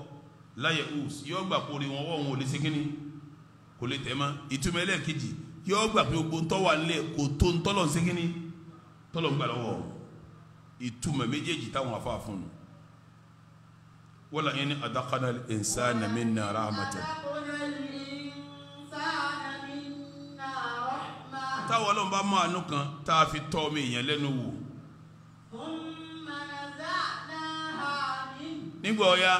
láyé us yóò gbà pé orí wọn wọ́ wọn ò lè ṣe kò lè tẹ̀ mọ́ ìtumọ̀ ẹlẹ́ẹ̀kejì yóò gbà pé gbogbo ntọ́ wà nílẹ̀ kò tó ntọ́lọ̀ ń segin tọ́lọ̀ ń gbà lọ́wọ́ ìtumọ̀ méjèèjì táwọn afa fún un wala in adaqana al-insana minna rahmatan. táwọn ọlọ́run bá mọ àánú kan tá a fi tọ́ ọmọ èèyàn lẹ́nu wò nígbà ọ̀ya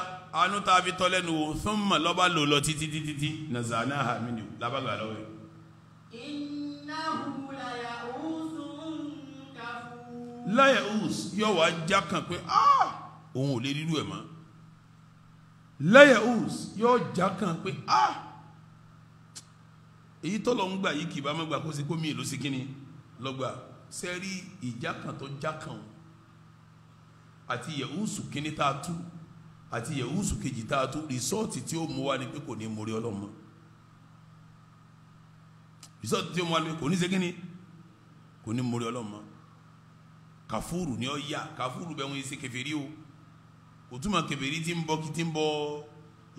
anú tá a fi tọ́ lẹ́nu wò fún mọ̀ lọ́ba lò lọ títí títí tí nàzà náà hà mí nìyó lábàgbà lọ́wọ́ yìí. innahu la ya'usun kafur. la ya'us yóò wá já kan pé ah! òun ò lè rírú ẹ̀ mọ́ la ya'us yóò já kan pé ah! èyí tọ́lọ̀ ń gbà yìí kì í bá má gbà kó sí kó mi ìlú sí kínní lọ́gbà sẹ́rí ìjà kan tó já kan àti yẹ̀húsù kínní tá a tú àti yẹ̀wùsù kejì tá a tó rìsọ́ọ̀tì tí ó mú wa ni pé kò ní mórí ọlọ́mọ rìsọ́ọ̀tì tí ó mú wa ni pé kò ní segin ni kò ní mórí ọlọ́mọ kàfúrù ni ọ yá kàfúrù bẹ́ẹ̀ wọ́n yìí ṣe kèfèrí o kò túmọ̀ kèfèrí tí ń bọ́ kí tí ń bọ́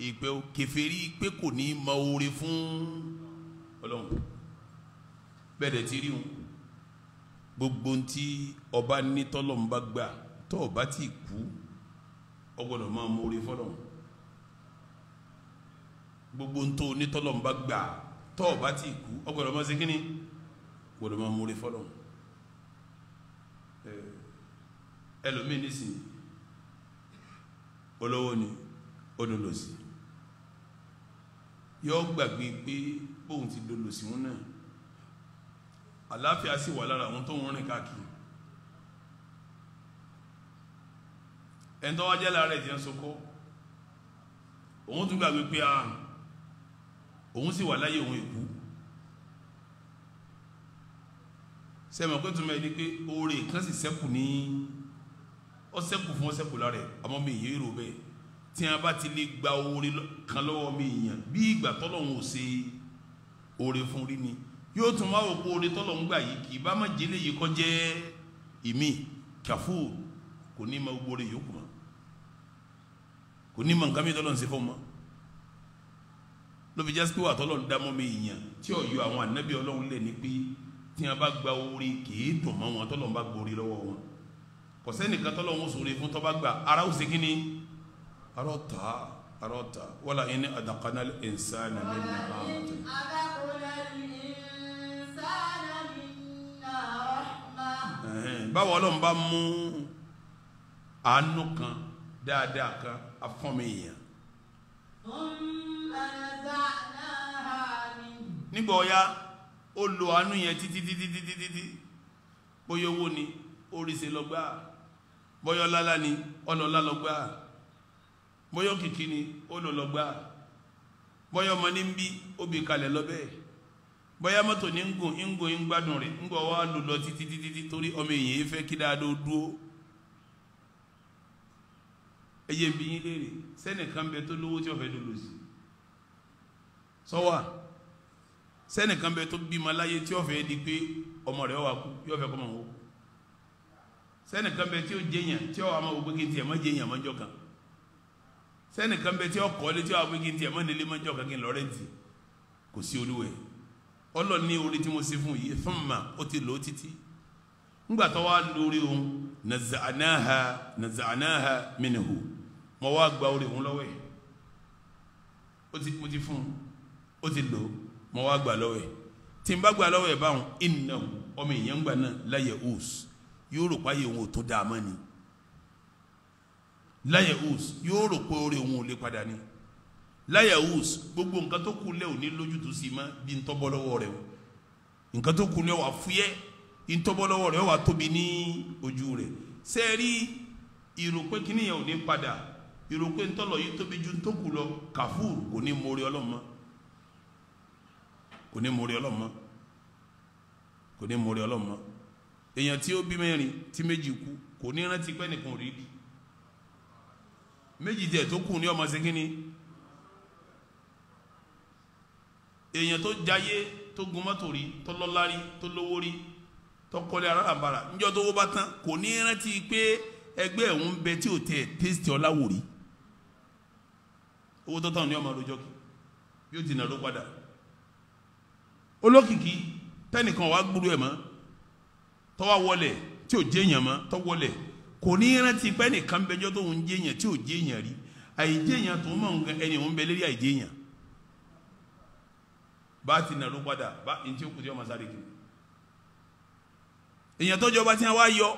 ìpè o kèfèrí pé kò ní mọ oore fún ọlọ́run bẹ́ẹ̀ dẹ̀ ti rí wọn gbogbo ntí ọba ní tọ́lọ́mùbá ọba ti kú ọ gbọ́dọ̀ máa mórí fọlọ́n gbogbo ntó onítọ́lọ́n bá gbà tọ́ ọ bá ti kú ọ gbọ́dọ̀ máa ṣe kínní gbọ́dọ̀ máa mórí fọlọ́n eh, ẹlòmíín nísìnyí olówó ni odolosi yóò gbàgbé pé bóun ti dolosi wọn náà àlàáfíà sì wà lára àwọn tó ń rìn káàkiri ẹni tó wá jẹ́ láàárẹ̀ tí ń sunkún òun tún gbàgbé pé a ah, òun sì wà láyé òun èkú sẹ́mi pé túnmọ̀ ẹni pé oore kan sì sẹ́kù ní ọ sẹ́kù fún ọ sẹ́kù lára ọmọ mi yìí rò bẹ́ẹ̀ tí a bá ti lè gba oore kan lọ́wọ́ mi yàn bí ìgbà tọ́lọ́hún ò ṣe oore fún rí ni yóò tún wá òpó oore tọ́lọ́hún gbà yìí kì í bá má jẹ́lẹ̀ yìí kọ́ jẹ́ ìmí kàfó kò ní ma gbóore yòókù mọ́ kò ní mọ̀ nǹkan mi tọ́lọ̀ ń ṣe fún ọmọ lóbi jásí pé wà tọ́lọ̀ ń dá mọ́ mi yàn tí ọ̀yọ́ àwọn ànábì ọlọ́run lè ní pé tí wọn bá gba orí kìí dùn mọ́ wọn tọ́lọ̀ ń bá gborí lọ́wọ́ wọn kò sẹ́nìkan tọ́lọ̀ ń sòrè fún tọ́ bá gba ara ó segin ni ara ọ̀tá ara ọ̀tá wala inni adaqana al-insana minna rahmatan. báwo ọlọ́run bá mú àánú kan dáadáa kan ab famille ya nígbà ọ̀yá ó lo àánú yẹn títí títí títí títí owó ni oríṣi lọ́gbà bóyọ ọlọ́lá ni ọlọ́lá lọ́gbà ni ọlọ́ bóyọ ọmọ ní ń bí obì kalẹ̀ lọ́bẹ̀ bóyá mọ́tò ní ń gùn ń gùn ń gbádùn rẹ̀ ń gbọ́ wá lò lọ títí títí torí ọmọ èèyàn fẹ́ kí ẹyẹ bí yín léèrè sẹ́nìkan bẹ tó lówó tí ó fẹ́ dolo sí sọ́wà sẹ́nìkan bẹ tó bímọ láyé tí ó fẹ́ di pé ọmọ rẹ̀ wà kú yóò fẹ́ kọ́ mọ̀ wò sẹ́nìkan bẹ tí ó jẹyàn tí ó wà máa wò pé kí n tiẹ̀ má jẹyàn mọ́jọ́ kan sẹ́nìkan bẹ tí ó kọ́lé tí ó wà pé kí n tiẹ̀ má nílé kan kí n lọ́rẹ́ǹtì kò sí olúwẹ̀ ọlọ́ni orí tí mo ṣe fún yìí fún mà ó ti lò títí ńgbà tó lórí òun nàzàánáha nàzàánáha mìnìhù mo wá gba orí òun lọ́wọ́ ẹ̀ mo ti fún un ó ti lò mo wá gbà lọ́wọ́ ẹ̀ tí n bá gbà lọ́wọ́ ẹ̀ báwọn ìnà ọmọ èèyàn gbà náà láyẹ̀ ous yóò rò páyé òun ò tó dáa mọ́ ni láyẹ̀ ous yóò rò pé orí òun ò lè padà ni láyẹ̀ ous gbogbo nǹkan tó kù lẹ́ ò ní lójútùú sí mọ́ bí n tọ́bọ́ lọ́wọ́ rẹ̀ o nǹkan tó kù lẹ́ wà n tọ́bọ́ lọ́wọ́ rẹ̀ wà tóbi ní ojú rẹ̀ sẹ́ẹ̀rí ìrò kíníyàn ò ní padà ìròpé ntọ́lọ̀ yìí tóbi ju ntókù lọ kàfúrù kò ní mórí ọlọ́mọ kò ní mórí ọlọ́mọ kò ní mórí ọlọ́mọ èèyàn tí ó bí mẹ́rin tí méjì kú kò ní rántí pé nìkan rí bí méjì tiẹ̀ tó kù ní ọmọ sí kínní èèyàn tó jayé tó gun mọ́tò rí tó lọ́lá rí tó lówó rí tó kọ́lé alárànbarà tó wó bá tán kò ní rántí pé ẹgbẹ́ òun bẹ tí ò tẹ̀ tẹ́sítì ọláwò rí owó tọ́tọ́ ní ọmọ ọdọjọ́ kí yóò ti nàró padà olókìkí tẹnìkan wàá gbúrú ẹ̀ mọ́ tọ́wá wọlé tí ò jéèyàn mọ́ tọ́wọlé kò ní rántí pé nìkan bẹjọ́ tó ń jéèyàn tí ò jéèyàn rí àìjéèyàn tó ń mọ̀ nǹkan ẹni òun bẹ lérí àìjéèyàn bá ti nàró padà bá ntí ó kù ọmọ sáré kiri èèyàn tọ́jọ́ bá ti hàn wá yọ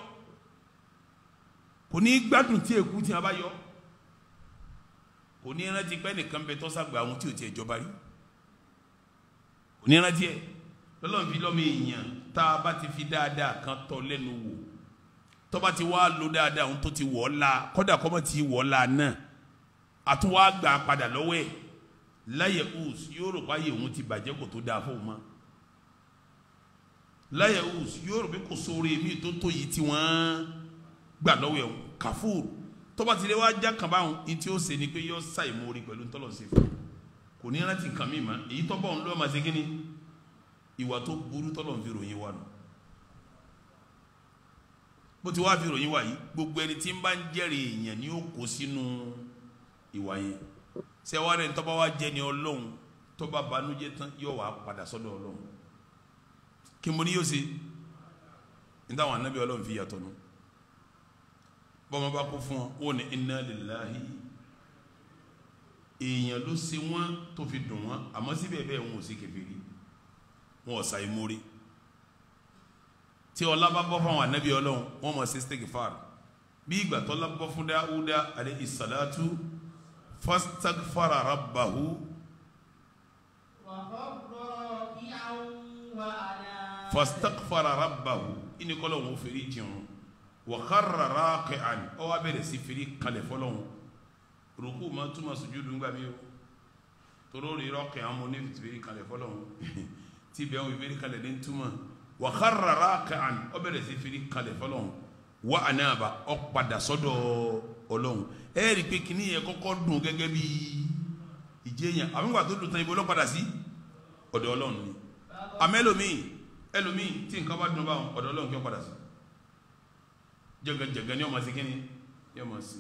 kò ní gbádùn tí èkú tí hàn bá yọ kò ní rántí pé nìkan bẹ tọ́sàgbà àwọn tí ò tiẹ̀ jọba rí kò ní rántí ẹ̀ lọ́lọ́run fi lọ́mọ èèyàn tá a bá ti fi dáadáa kan tọ́ lẹ́nu wò tọ́ba ti wá lo dáadáa òun tó ti wọ̀ ọ́ la kọ́dà kọ́mọ ti wọ̀ ọ́ la náà àtúwá gbà padà lọ́wọ́ ẹ̀ láyẹ̀ us yóò rò báyìí òun ti bàjẹ́ kò tó dáa fóun mọ́ láyẹ̀ us yóò rò bí kò sóore mi tó tó yìí tí wọ́n gbà lọ́wọ́ ẹ̀ kàfúrù tó bá ti lè wá já kan báwọn ní tí ó ṣe ni pé yọ ṣàì mórí pẹ̀lú tọ́lọ̀ ṣe fún kò ní rántí nǹkan míì mọ́ èyí tó bọ̀ ń lọ́ máa ṣe kí ni ìwà tó burú tọ́lọ̀ ń fi ròyìn wa nù bó ti wá fi ròyìn wa yìí gbogbo ẹni tí ń bá ń jẹ́rìí èèyàn ni ó kó sínú ìwà yẹn sẹ́wárẹ̀ tó bá wá jẹ́ ni ọlọ́run tó banújẹ́ tán yóò wá padà sọ́dọ̀ ọlọ́run kí mo ní yóò ṣe ní táwọn anábì ọlọ́run fi yàtọ̀ nù bọ́mọ bá kú fún ọ wọ́n ní inna lillahi èèyàn ló ṣe wọ́n tó fi dùn wọ́n àmọ́ síbẹ̀ bẹ́ẹ̀ wọn ò sí kèfèrí wọn ò sàì mórí tí ọlá bá bọ́ fáwọn ànábì ọlọ́run wọ́n mọ̀ sí stigfar bí ìgbà tọ́lá bọ́ fún dáúdá alayhi salatu fastagfara rabbahu. fastagfara rabbahu ìníkọ́lọ́ wọn ò fèrè jìnnà wàhárà ráàkì àn ọ wá bẹ̀rẹ̀ sí fìrí kalẹ̀ fọlọ́hún rúkú ma túmọ̀ sùjúdù ńgbà mí o toró rí rọ́ọ̀kì àmọ́ ní fìrí kalẹ̀ fọlọ́hún tí bẹ́ẹ̀ wọ́n fìrí kalẹ̀ ní túmọ̀ wàhárà ráàkì àn ọ bẹ̀rẹ̀ sí fìrí kalẹ̀ fọlọ́hún wà á náà bá ọ padà sọ́dọ̀ ọlọ́hún ẹ rí i pé kìíní yẹn kọ́kọ́ dùn gẹ́gẹ́ bí ìjẹyàn àmúgbà tó dùn tán ibo ló padà sí jẹgẹjẹgẹ ní ọmọ sí kíni ní ọmọ sí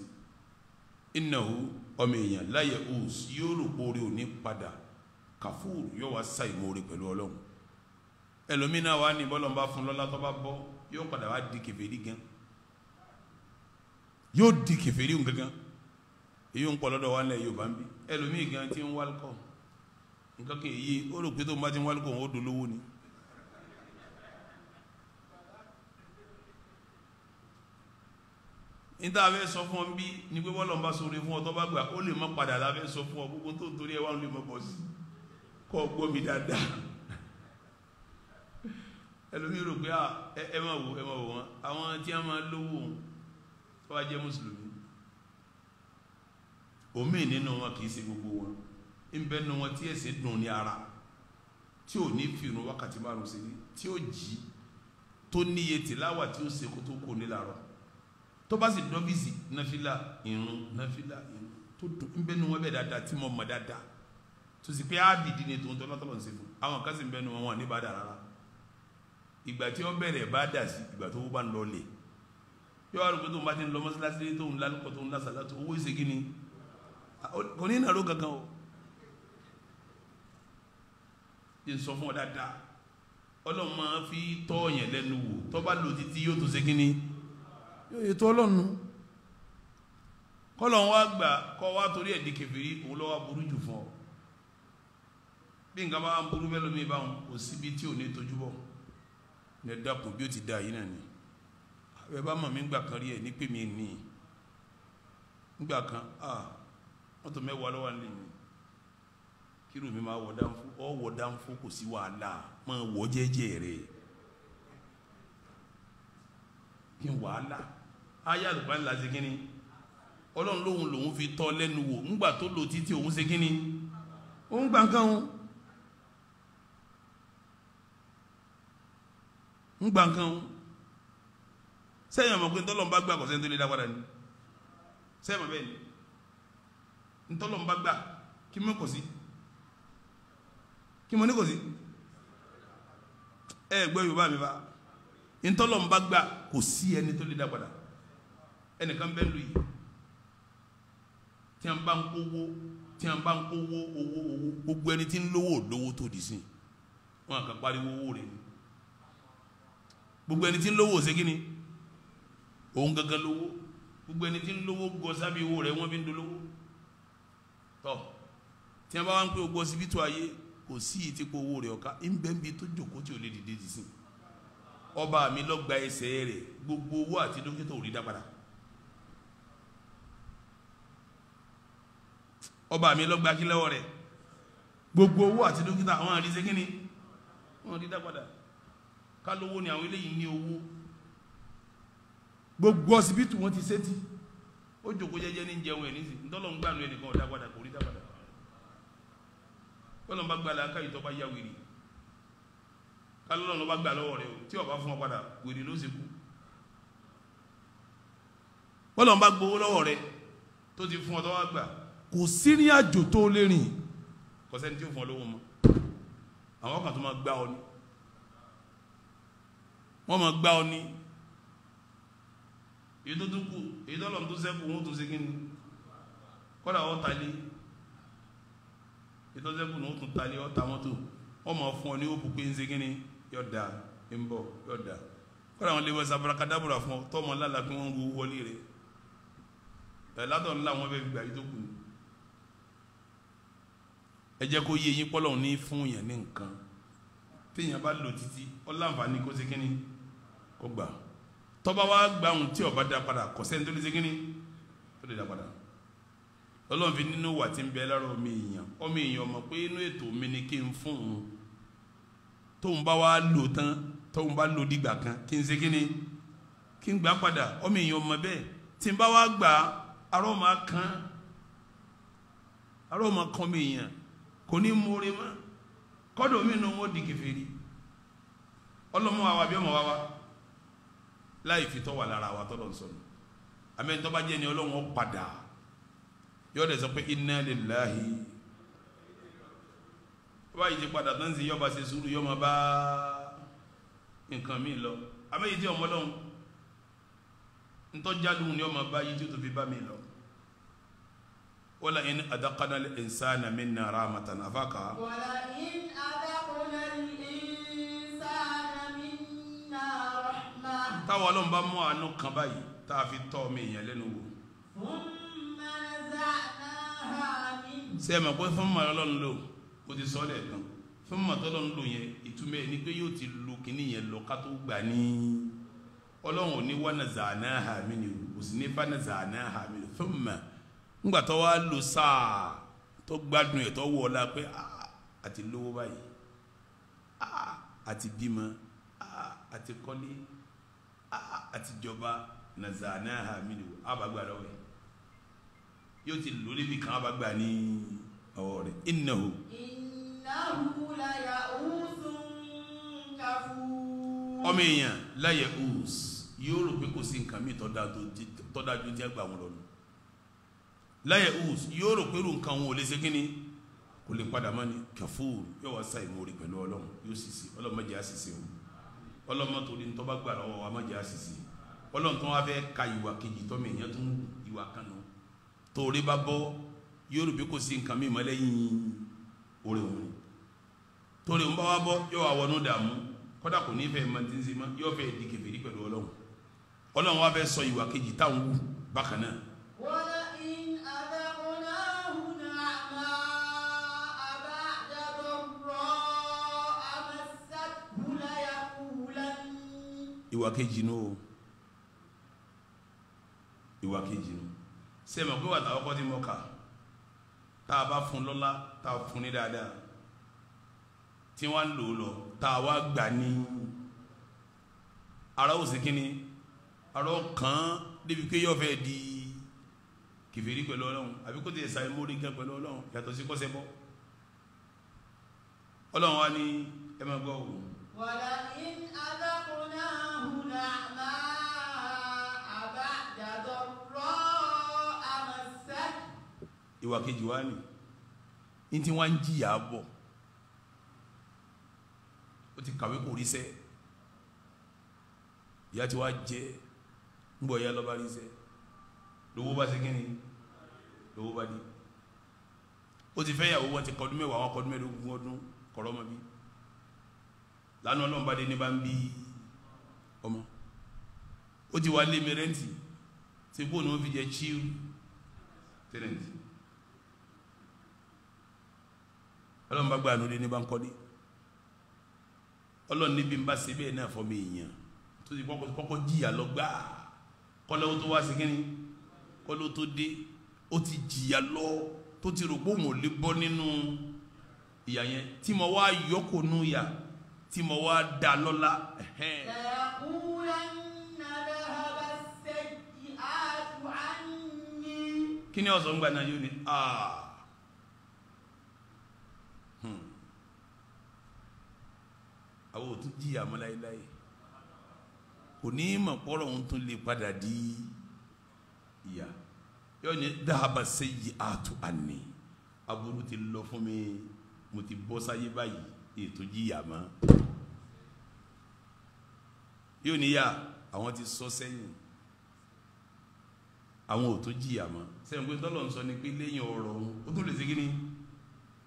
innahu ọmọ èèyàn láyé ous yóò rò pé orí òní padà kàfúrù yóò wá sá ìmoore pẹ̀lú ọlọ́run ẹlòmínà wa ní bọ́lọ̀ ń bá fún lọ́lá tó bá bọ́ yóò padà wá di kèfèrí gan yóò di kèfèrí gangan èyí ń pọ̀ lọ́dọ̀ wa nílẹ̀ Yorùbá ń bí ẹlòmíì gan ti ń wálkọ̀ nǹkan kan èyí ó rò pé tó ń bá ti ń wálkọ̀ ó dolówó ni. níta fẹ́ sọ fún ọ bí ní pé bọ́lọ̀ ń bá sọ̀rọ̀ fún ọ tó bá gbà ó lè má padà la fẹ́ sọ fún ọ gbogbo tó ń torí ẹ wà ń lè mọ̀ bọ̀ sí kọ́ gbọ́ mi dáadáa ẹlòmíì rò pé ẹ má wò ẹ má wò wọn àwọn tí a máa lówó òun tó bá mùsùlùmí òmíì nínú wọn kì í ṣe gbogbo wọn ń bẹ nu wọn tí ẹ̀sìn dùn ní ara tí ò ní fìrun wákàtí márùn-ún sí tí ó jí tó níye tìláwà tí ó ṣe kó kó nílàrọ̀ tó bá sì dọ́fíìsì náfìlà irun náfìlà irun tó dùn ń bẹnu wọn bẹ dáadáa tí mo mọ dáadáa tó sì pé ábìdí ni tòun tọ́lá tọ́lá ń ṣe fún àwọn kan sì ń bẹnu wọn wọn ní bá dà rárá ìgbà tí ó bẹ̀rẹ̀ bá dà sí ìgbà tó bá ń lọ lè yóò wá rò pé tóun bá ti lọ mọ́sálásí tóun lálùkọ tóun lásàlá tó owó ìṣègì ni kò ní ìnáró kankan o ti sọ fún ọ dáadáa ọlọ́run máa fi tọ́ ọ̀yàn lẹ́nu wò tọ́ lò títí yóò tó ṣe ni yóò yẹ tó ọlọ́nu kọ́lọ̀ wá gbà kọ́ wá torí ẹ̀dí kẹfìrí òun lọ́wọ́ burú jù fún ọ bí nǹkan bá ń burú bẹ́ẹ̀ lómi báwọn kò síbi tí ò ní tojú bọ̀ ní ẹ̀dàkùn bí ó ti da yìí náà ni ẹ bá mọ̀ mí gbà kan rí ẹ̀ ní pé mi ní gbà kan ah wọ́n tó mẹ́wàá lọ́wọ́ nílé mi kírù mi máa wọ̀ dánfó ọ wọ̀ dánfó kò sí wàhálà máa wọ̀ jẹ́jẹ́ rẹ̀ kí wàhálà ayé àlùkùránì la ṣe kínní ọlọ́run lòun lòun fi tọ́ lẹ́nu wò ńgbà tó lò títí òun ṣe kínní òun gbà nǹkan òun ńgbà nǹkan òun sẹ́yìn ọmọ pé ntọ́lọ́mùbá gbà kò sẹ́ni tó lè dá padà ni sẹ́yìn ọmọ bẹ́ẹ̀ ni ntọ́lọ́mùbá gbà kí mọ́ kò sí kí mo ní kò sí ẹ gbọ́ yorùbá mi fa ntọ́lọ́mùbá gbà kò sí ẹni tó lè dá ẹnìkan bẹ́ẹ̀ lù yìí tí a bá ń kówó tí a bá ń kówó owó owó gbogbo ẹni tí ń lówó lówó tó di sí wọn àkàn pariwo owó rẹ ni gbogbo ẹni tí ń lówó ṣe kí ni òun gangan lówó gbogbo ẹni tí ń lówó gọ sábì owó rẹ wọn fi ń dolówó tọ tí a bá wá ń pè ogbó síbi tó ayé kò sí yìí tí kò owó rẹ ọ̀ka ń bẹ́ẹ̀ bí tó jòkó tí o lè dìde dì sí ọba mi lọ́gba ẹsẹ̀ rẹ̀ gbogbo owó àti dókítà ò rí dá padà. ọba mi lọ́gba kí lọ́wọ́ rẹ̀ gbogbo owó àti dókítà àwọn àríṣẹ́ kí ni wọ́n rí dápadà ká lówó ni àwọn eléyìí ní owó gbogbo ọsibítù wọn ti sétí ó jòkó jẹ́jẹ́ ní jẹun ẹ̀ nísì ntọ́lọ́ ń gbànú ẹnìkan ọ̀dápadà kò rí dápadà kọ́lọ́n bá gbà láàká ìtọ́ bá yá wèrè kálọ́lọ́n bá gbà lọ́wọ́ rẹ̀ o tí ọba fún ọ padà wèrè ló ṣe kú kọ́lọ́n bá gbowó lọ́wọ́ rẹ̀ tó ti fún ọ tó wá gbà kò sí ní àjò tó lè rìn kò sẹ́ni tí ó fọ́ lówó mọ́ àwọn kan tó máa gbá ọ ní wọ́n máa gbá ọ ní èyí tó tún èyí tó lọ́n tó sẹ́kù wọ́n tó ṣe ni kọ́dà wọ́n ta lé èyí tó sẹ́kù wọ́n tó ta lé ọ̀tá mọ́tò wọ́n máa fún ọ ní òkú pé ń ṣe kí ni yọ̀ dà ń bọ̀ yọ̀ dà kọ́dà wọn lè wọ́n sabara kadabura fún ọ tọ́ ọmọ lálàá pé wọ́n ń ru wọlé rẹ̀ ẹ̀ ládọ̀ ńlá wọn bẹ gbà yìí tó kù ni ẹ jẹ́ kó yé yín pọ́lọ́hún ní fún yẹn ní nǹkan téèyàn bá lò títí ọláǹfààní kó ṣe kínní kó gbà tọ́ba wa gba ohun tí ọba dá padà kò sẹ́ni tó lè ṣe kínní tó lè dá padà ọlọ́run fi nínú wà tí ń bẹ lára ọmọ èèyàn ọmọ èèyàn mọ̀ pé inú ètò mi ni kí n fún un tóun bá wa lò tán tóun bá lò dìgbà kan kí n ṣe kínní kí n gbà padà ọmọ èèyàn mọ̀ bẹ́ẹ̀ tí n bá wa gbà arọ́ máa kan arọ́ máa kan ọmọ èèyàn kò ní mórí mọ́ kọ́dọ̀ mí nù wọ́n di kèfèrí ọlọ́mọ wa wa bí ọmọ wa wa láì fi tọ́ wà lára wa tọ́lọ̀ sọ̀rọ̀ àmín tó bá jẹ́ ni Ọlọ́run padà yóò dẹ̀ sọ pé inna lillahi wọ́n yìí ti padà tó ń sìn yọba ṣe sùúrù yọmọ bá nǹkan mi lọ àmín tí ọmọ lọ́hùn ntọ́jálù ni ọmọ bá yìí tó fi bá mi lọ wala in adaqana al-insana minna rahmatan afaka. wala in adaqana al-insana minna rahma. táwọn ọlọ́run bá mú àánú kan báyìí tá a fi tọ́ ọmọ èèyàn lẹ́nu wò. thumma naza'naha min. ṣé ẹ mọ̀ pé fún mọ̀ ọlọ́run lò ó ti sọ ọ́ lẹ̀ tán fún mọ̀ tọ́lọ́run lò yẹn ìtumọ̀ ni pé yóò ti lu kinní yẹn lọ ká tó gbà ní ọlọ́run ò ní naza'naha min kò sí naza'naha min thumma ńgbà wa wá lò sáà tó gbádùn ẹ̀ tó wọ̀ ọ́ la pé àti lówó báyìí àti bímọ àti kọ́lé àti jọba nazana hamidu abagba lọ́wọ́ yìí yóò ti lò níbi kan abagba ní ọwọ́ rẹ̀ innahu. innahu la ya'usun kafur. ọmọ èèyàn la ya'us yóò rò pé kò sí nǹkan mi tọ́da ju tí a gbà wọn lọ́nu láyé us yóò rò pé irú wọn ò lè ṣe kínní kò lè padà mọ́ ni kẹfúr yóò wá sáì mórí pẹ̀lú ọlọ́run yóò sì sí ọlọ́run má jẹ́ àṣìṣe o ọlọ́run má torí nítorí bá gbà lọ́wọ́ wa má jẹ́ àṣìṣe ọlọ́run tó wá fẹ́ ka ìwà kejì tọ́mọ èèyàn tó ń ìwà kan nù torí bá bọ́ yóò rò pé kò sí nǹkan mímọ́ lẹ́yìn orí òun torí ń bá wá bọ́ yóò wá wọnú dààmú kódà kò ní fẹ́ ìwà kejì nù o ìwà kejì nù sẹ́mi ọ̀pẹ́ wà láwọ́kọ́ tí mo kà tá a bá fún lọ́lá tá a fún ní dáadáa tí wọ́n á lò ó lọ tá a wá gbà ní ara ó sì kíni ara ó kàn án débi pé yóò fẹ́ di kìfèrí pẹ̀lú ọlọ́run àbí kó tẹ̀ sáré mórí gan pẹ̀lú ọlọ́run yàtọ̀ sí kọ́sẹ́ bọ́ ọlọ́run wa ni ẹ máa gbọ́ òun. ولئن أذقناه نعماء بعد ضراء مسته ìwà kejì wa ni ní tí wọ́n ń jìyà bọ̀ ó ti kàwé kò ríṣẹ́ ìyá tí wàá jẹ ń bọ̀ ìyá lọ́ba ríṣẹ́ lówó bá ṣe ni lówó bá di ó ti fẹ́ yàwó wọn ti kọdún mẹ́wàá wọn kọdún mẹ́ẹ̀ẹ́dógún ọdún kọ̀rọ̀ ọmọ lánàá ọlọ́run bá dé ní bá ń bí ọmọ ó ti wá lé mi rẹ́ǹtì tí bóun ni wọ́n fi jẹ chill tenant ọlọ́run bá gba àánú dé ní bá ń kọ́lé ọlọ́run níbi ń bá ṣe bẹ́ẹ̀ náà fọ́ mi èèyàn tó ti kọ́kọ́ jìyà lọ gbáà kọ́lọ́wọ́ tó wá sí kínní kọ́lọ́ tó dé ó ti jìyà lọ tó ti rò pé bọ́ nínú ìyà yẹn tí mo wá yọkò nú yà tí mo wá dá lọ́lá. kí ni ọ̀sán gbà náà yóò ní ah. hmm. àwọn òtún jìyà mọ́ láéláé kò ní mọ̀ pọ́rọ̀ òun tún lè padà di ìyá yóò ní dáhàbà sẹ́yìí àtúnni aburú ti lọ fún mi mo ti bọ́ sáyé báyìí ètò jìyà mọ́ yóò níyà àwọn ti sọ sẹ́yìn àwọn ò tó jìyà mọ́ sẹ́yìn pé tọ́lọ̀ ń sọ ni pé lẹ́yìn ọ̀rọ̀ òun ó tó lè ṣe kíni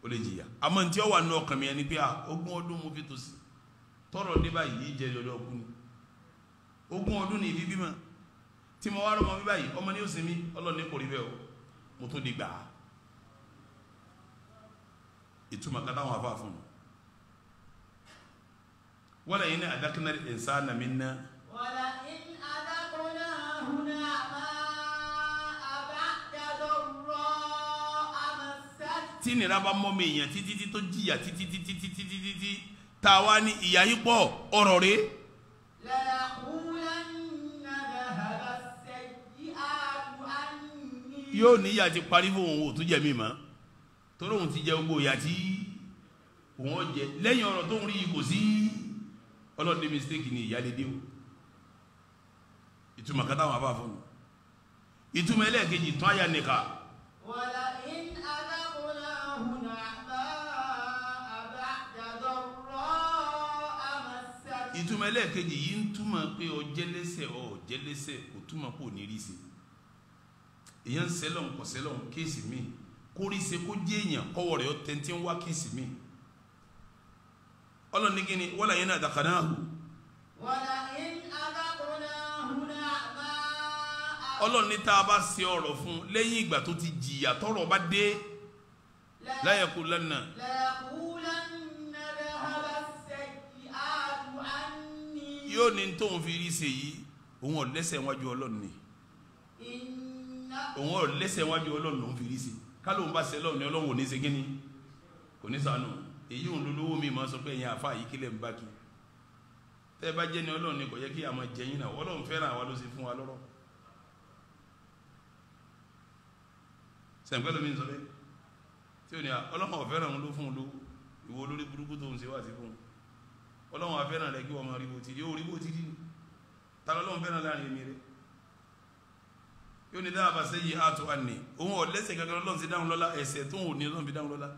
ó lè jìyà àmọ́ ní tí ó wà ní ọkàn mi ẹni pé à ogún ọdún mo fi tòsí tọrọ dé báyìí yìí jẹ yọjọ kú ni ogún ọdún ní ibi bímọ tí mo wá lọmọ bí báyìí ọmọ ní òsì mi ọlọ́ọ̀ni kò rí bẹ́ẹ̀ o mo tó di gbà á ìtumọ̀ kátà wọn afáfún mi wala in adakna al-insana minna wala in adaknahu na'ma'a ba'da dharra tí nira bá mọ́ mi èèyàn títí tí tó jìyà títí títí títí títí tá a wá ní ìyá yìí pọ̀ ọ̀rọ̀ rẹ̀. yóò ní ìyá ti parí fún òun ò tún jẹ mí mọ́ torí òun ti jẹ gbogbo ìyá tí òun jẹ lẹ́yìn ọ̀rọ̀ tó ń rí yìí kò sí ọlọ́run ní mistake ni ìyálédé o ìtumọ̀ kan táwọn afáfọ́ mi ìtumọ̀ ẹlẹ́ẹ̀kejì tán àyà nìka. wàlá in adákùnrin ahùn àbá àbá dàdọ̀ rọ́ àmàṣà. ìtumọ̀ ẹlẹ́ẹ̀kejì yìí ń túmọ̀ pé ọ jẹ́lẹ́sẹ̀ ọ jẹ́lẹ́sẹ̀ kò túmọ̀ pé ò ní rí sí ń sẹ́lọ̀ ń kọ̀ sẹ́lọ̀ ń kéèsì míì kórìí ṣe kó jẹ́ èèyàn kọ́wọ́ rẹ̀ ọ tẹ́ntẹ́ ń wá kéèsì míì ọlọ́run ní kíni wọ́n làyín náà dàkàdá hù. ọlọ́run ní tá a bá ṣe ọ̀rọ̀ fún lẹ́yìn ìgbà tó ti jìyà tọ́rọ̀ bá dé láyẹ̀kú lánà. yóò ní tóun fi rí ṣe yìí òun ò lẹ́sẹ̀ wájú ọlọ́run ni òun ò lẹ́sẹ̀ wájú ọlọ́run lòun fi rí ṣe kálóun bá ṣe lọ́run ni ọlọ́run ò ní ṣe kíni kò ní ṣàánú èyí òun lolówó mi máa sọ pé ẹ̀yin àfa yìí kílẹ̀ ń bá kí tẹ́ ẹ bá jẹ́ ni ọlọ́run ni kò yẹ kí àmọ́ jẹ́yìn náà ọlọ́run fẹ́ràn àwa ló ṣe fún wa lọ́rọ̀ sẹ̀ǹpẹ́ lómi ń sọ bẹ́ẹ̀ tí ò ní ọlọ́run ọ̀fẹ́ràn òun ló fún un lówó ìwọ olórí burúkú tó ń ṣe wá sí fún un ọlọ́run afẹ́ràn rẹ̀ kí wọ́n máa ríbo ti rí ó ríbo ti rí ta lọ́lọ́run fẹ́ràn láàrin èmi rẹ̀ yóò ní dáhàbà sẹ́yìn àtọ́ àní òun ọ̀lẹ́sẹ̀ kankan lọ́lọ́run ti dáhùn lọ́lá ẹ̀sẹ̀ tó ń wò ní lọ́lọ́run fi dáhùn lọ́lá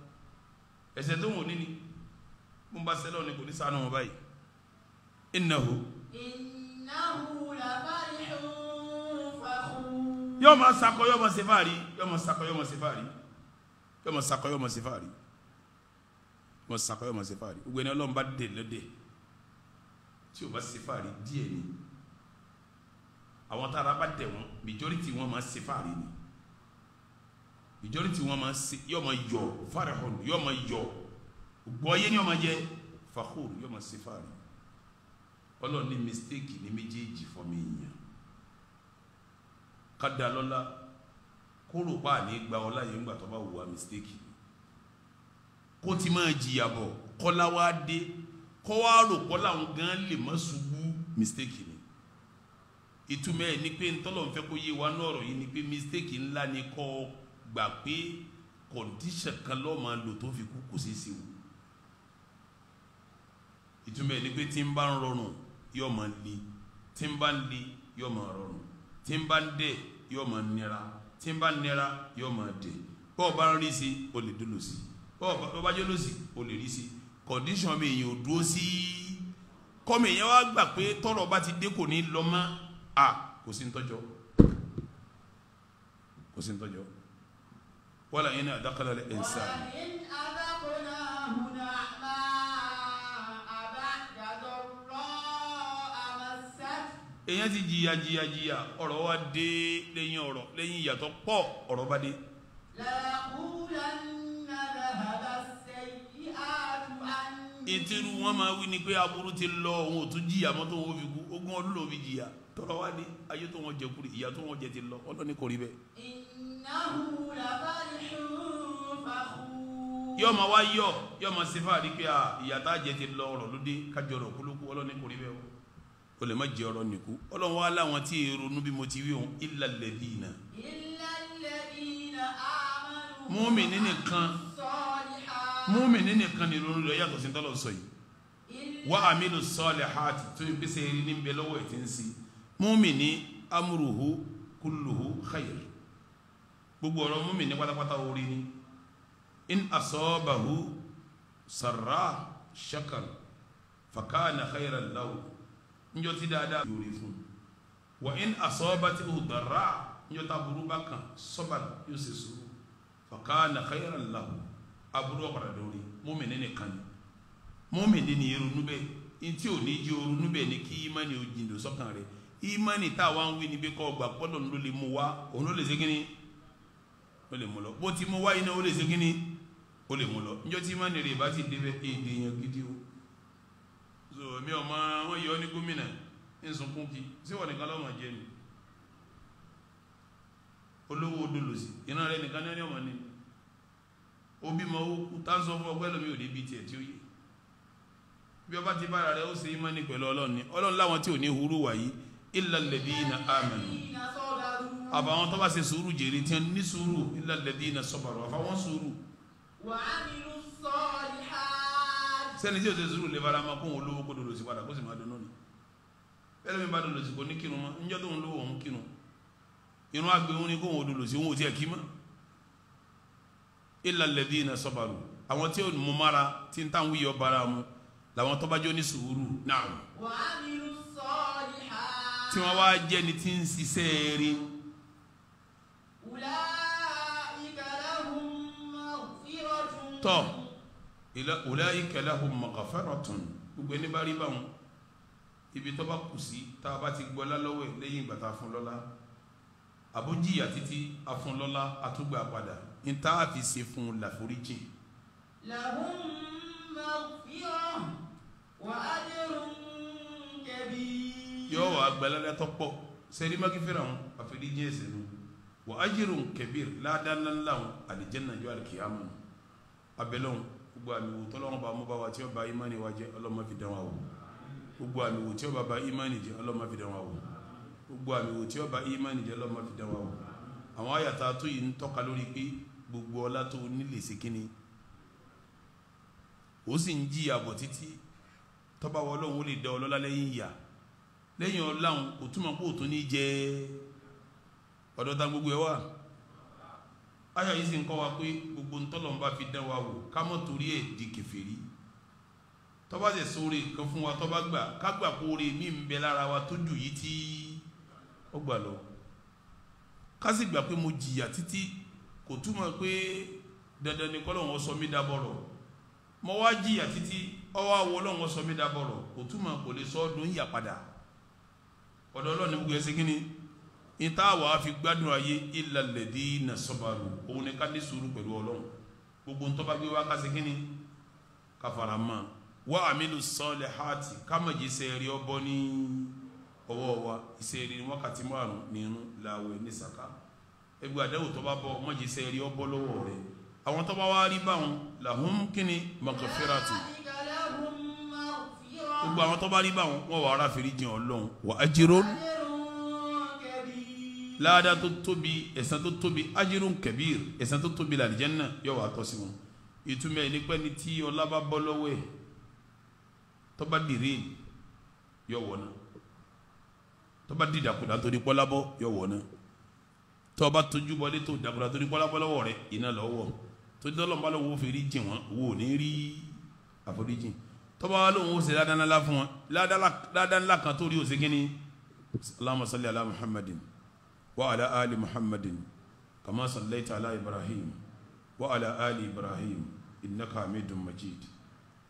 ẹ̀ṣẹ̀ tó wọn ní ni bó ń bá sẹ́lọ̀ ní kò ní sànù wọn báyìí innahu. innahu lafarihun fakhur. yóò máa sakọ yóò máa ṣe fàárí yóò máa sakọ yóò máa ṣe fàárí yóò máa sakọ yóò máa ṣe fàárí yóò máa sakọ yóò máa ṣe fàárí gbogbo ẹni dè lóde tí o bá ṣe fàárí díẹ̀ ni àwọn tára bá tẹ̀ wọ́n majority wọn máa ṣe fàárí ni majority wọn máa ṣe yóò máa yọ farahun yóò máa yọ gbọ́yé ni yóò máa jẹ fakhur yóò máa ṣe fàárì ọlọ́run ní mistake ní méjèèjì fún mi yàn ká da lọ́lá kóró pa àní gba ọlá yẹn ńgbà tó bá wù wá mistake kó ti máa jìyà bọ̀ kọ́lá wá dé kọ́ wá rò kọ́lá òun gan lè má ṣubú mistake ni ìtumọ̀ ẹ̀ ni pé ntọ́lọ́run fẹ́ kó yé wa náà ọ̀rọ̀ yìí ni pé mistake ńlá ni kọ́ ọ gbà pé kọ̀ǹdíṣàn kan lọ́ọ́ máa lò tó fi kú kò sí sí o ìtumọ̀ ẹni pé tí ń bá ń rọrùn yóò máa le tí ń bá ń le yóò máa rọrùn tí ń bá ń dẹ̀ yóò máa nira tí ń bá ń nira yóò máa dẹ̀ bọ́ọ̀ bá ń rí sí o lè dúró sí bọ́ọ̀ bá jẹ́ lọ́sí o lè rí sí kọ̀ǹdíṣàn mi èèyàn ò dúró sí kọ́mi èèyàn wá gbà pé tọ́rọ̀ bá ti dé kò ní lọ mọ́ a kò sí ń tọ́jọ́ kò sí ń tọ́jọ́. ولا إن adakala الإنسان. insan. wala in adakala huna ma abadadọ rọ amasa. èèyàn ti jìyà jìyà jìyà ọ̀rọ̀ wa dé lẹ́yìn ọ̀rọ̀ lẹ́yìn ìyàtọ̀ pọ̀ ọ̀rọ̀ bá dé. làkúrẹ́nà làbàbà sẹ́yìn àtúwánì. ìtirú wọn máa wí ni pé aburú ti lọ òun ò tún jìyà mọ́tò òun fi kú ogún ọdún lòun fi jìyà tọ́lọ́wá dé ayé tó wọn jẹ kúrò ìyà wọn jẹ ti lọ ọlọ́ni kò rí bẹ́ẹ̀ yọ ma wá yọ yọ ma sefa àdí pé ah, a ìyàtọ̀ àjẹ ti lọ ọ̀rọ̀ lóde kájọ ọ̀rọ̀ kúlókú ọlọ́ni kò rí bẹ́ẹ̀ o o lè má jẹ ọ̀rọ̀ nìkú Ọlọ́run wa láwọn tí ì ronú bí mo ti wí òun illa alladhina. illa alladhina amanu. mùmínì nìkan mùmínì nìkan ni ronú lọ yàtọ̀ sí tọ́lọ̀ sọ yìí wa amilu salihati tó ń pèsè eré níbi ẹlọ́wọ́ ẹ̀ ti ń sí mùmínì amruhu kulluhu khayr gbogbo ọ̀rọ̀ múmi ní pátápátá orí ni in asọ́bahu sara shakar fakana khairan lahu njọ ti dáadáa yóò rí wa in asọ́bati udara njọ ta burú bá kan sọ́bàlì yóò sì sùúrù fakana khairan lahu aburú ọ̀pàdà lórí múmi ní nìkan ni múmi ní ni irun níbẹ̀ ntí ò ní jẹ́ orun níbẹ̀ ni kí imani ò jìndò sọ́kàn rẹ̀ imani táwa ń wí ni bí kò gbà ló lè mú wa òun ló lè ṣe kí ni ó lè mú lọ bó ti mú wáyé náà ó lè ṣe kíní ó lè mú lọ níjọ́ tí má nìrè bá ti débẹ̀ èdè èèyàn gidi o so mi ò mọ wọn yọ ní gómìnà ń sunkún kí sí wọn nìkan lọ́mọ jẹ ni olówó odolosi iná rẹ nìkan ní ọmọ ni obi ma owó kú tá ń sọ fún ọgbẹ́ lómi ò débi tiẹ̀ tí ó yé bí ọba ti bára rẹ ó ṣe imani pẹ̀lú ọlọ́run ni ọlọ́run láwọn tí ò ní hurú wàyí illa alladhina amanu àfàwọn tó bá ṣe sùúrù jèrè tí wọn ní sùúrù illa alladhina sabaru àfàwọn sùúrù. wa amilu salihat. sẹ́ni tí o ṣe sùúrù lè fara ma kó wọn lówó kó dolo sí padà kó sì máa dunu ni bẹ́ẹ̀ mi bá dolo sí kò ní kírun ma ń jọ́ tó ń lówó òun kírun irun àgbẹ̀ òun ni kó wọn dolo sí òun ò tiẹ̀ kí mọ́ illa alladhina sabaru àwọn tí o mú mara tí n táwọn yọ bara mu làwọn tó ní sùúrù náà. wa amilu salihat. tí wọ́n wá jẹ́ ni tí ń ṣiṣẹ́ rí tọ́ ulaika lahum maghfiratun gbogbo ẹni bá rí báwọn ibi tó bá kù sí tá a bá ti gbọ́lá lọ́wọ́ ẹ̀ lẹ́yìn ìgbà tá a fún lọ́lá àbójìyà títí a fún lọ́lá àtúgbà padà ní tá a fi ṣe fún un làforíjì. lahum maghfirah wa ajrun kabir. yóò wá gbẹ́lẹ́lẹ́tọ́ pọ̀ sẹ́rí mákìfẹ́ràn àforíjì ẹ̀ṣẹ̀ nù wa ajirun kabir ládánláńláwọn àlìjẹ́nà yóò àlìkìyàmù abẹ́lẹ́wọ̀n gbogbo àmìwò tọ́lọ́wọ́n bá mú bá wa tí ó ba imani wa jẹ́ ọlọ́mọ fi dán wa wò gbogbo àmìwò tí ó bá bá imani jẹ́ ọlọ́mọ fi dán wa wò gbogbo àmìwò tí ó bá imani jẹ́ ọlọ́mọ fi dán wa wò àwọn àyàtà tó yìí ń tọ́ka lórí pé gbogbo ọlá tó nílè sí kíni ó sì ń jí àbọ̀ títí tọ́ba wọlọ́hún ó lè dá ọlọ́lá lẹ́yìn ìyà lẹ́yìn ọláhún kò túmọ̀ pé òtún ní jẹ́ ọ̀dọ̀ ta gbogbo ẹ̀ wà aya yìí sì ń kọ́ wa pé gbogbo ntọ́lọ́n bá fi dán wa wò ká mọ̀ torí ẹ̀ di kèfèrí tọ́ba ṣe sóore kan fún wa tọ́ba gbà ká gbà kóore mí ń bẹ lára wa tó jù yìí tí ó gbà lọ ká sì gbà pé mo jìyà títí kò túmọ̀ pé dandan ni kọ́lọ́hún sọ mí dábọ̀rọ̀ mo wá jìyà títí ọwọ́ àwọ̀ ọlọ́hún sọ mí dábọ̀rọ̀ kò túmọ̀ kò lè sọ ọdún yà padà ọ̀dọ̀ ọlọ́ọ̀ni gbogbo ẹ̀ ni ìta wà á fi gbádùn ayé illa alladhina sabaru òun ni ká ní sùúrù pẹ̀lú ọlọ́run gbogbo ntọ́ bá gbé wá ká segin ni ká fara mọ́ wa amilu salihati ká mọ̀ jí sẹ́ẹ̀rì ọbọ ní ọwọ́ wa ìsẹ́ẹ̀rì ní wákàtí márùn nínú làwẹ̀ ní sàká ẹgbẹ́ àdáwò tó bọ̀ mọ̀ jí sẹ́ẹ̀rì ọbọ lọ́wọ́ rẹ̀ àwọn tó bá rí báwọn làhùn kíni maghfiratu gbogbo àwọn tó rí báwọn wọn wà á ráfèrè jìn ọlọ́run wa ajrun láàdá tó tóbi ẹ̀san tó tóbi ajirun kabir ẹ̀san tó tóbi làlìjẹ́nà yóò wà tọ́ sí wọn ìtumọ̀ ẹ̀ nípa ẹni tí ọlá bá bọ́ lọ́wọ́ ẹ̀ tọ́ba dìrí yóò wọ̀ náà tọ́ba dìdàkudà tó di pọ́lá bọ́ yóò wọ̀ náà tọ́ba tójú bọ́lé tó dàkudà tó di pọ́lá bọ́ lọ́wọ́ rẹ̀ iná lọ́wọ́ tó di tọ́lọ́mọ́ lọ́wọ́ wọ́n fi rí jìn wọn wò ní rí àforíjì tọ́ba lọ́wọ́ ṣe ala Muhammadin. وعلى آل محمد كما صليت على إبراهيم وعلى آل إبراهيم إنك حميد مجيد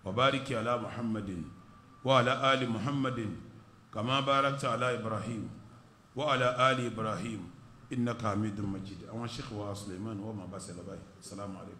وبارك على محمد وعلى آل محمد كما باركت على إبراهيم وعلى آل إبراهيم إنك حميد مجيد أما شيخ وسليمان وما بس السلام عليكم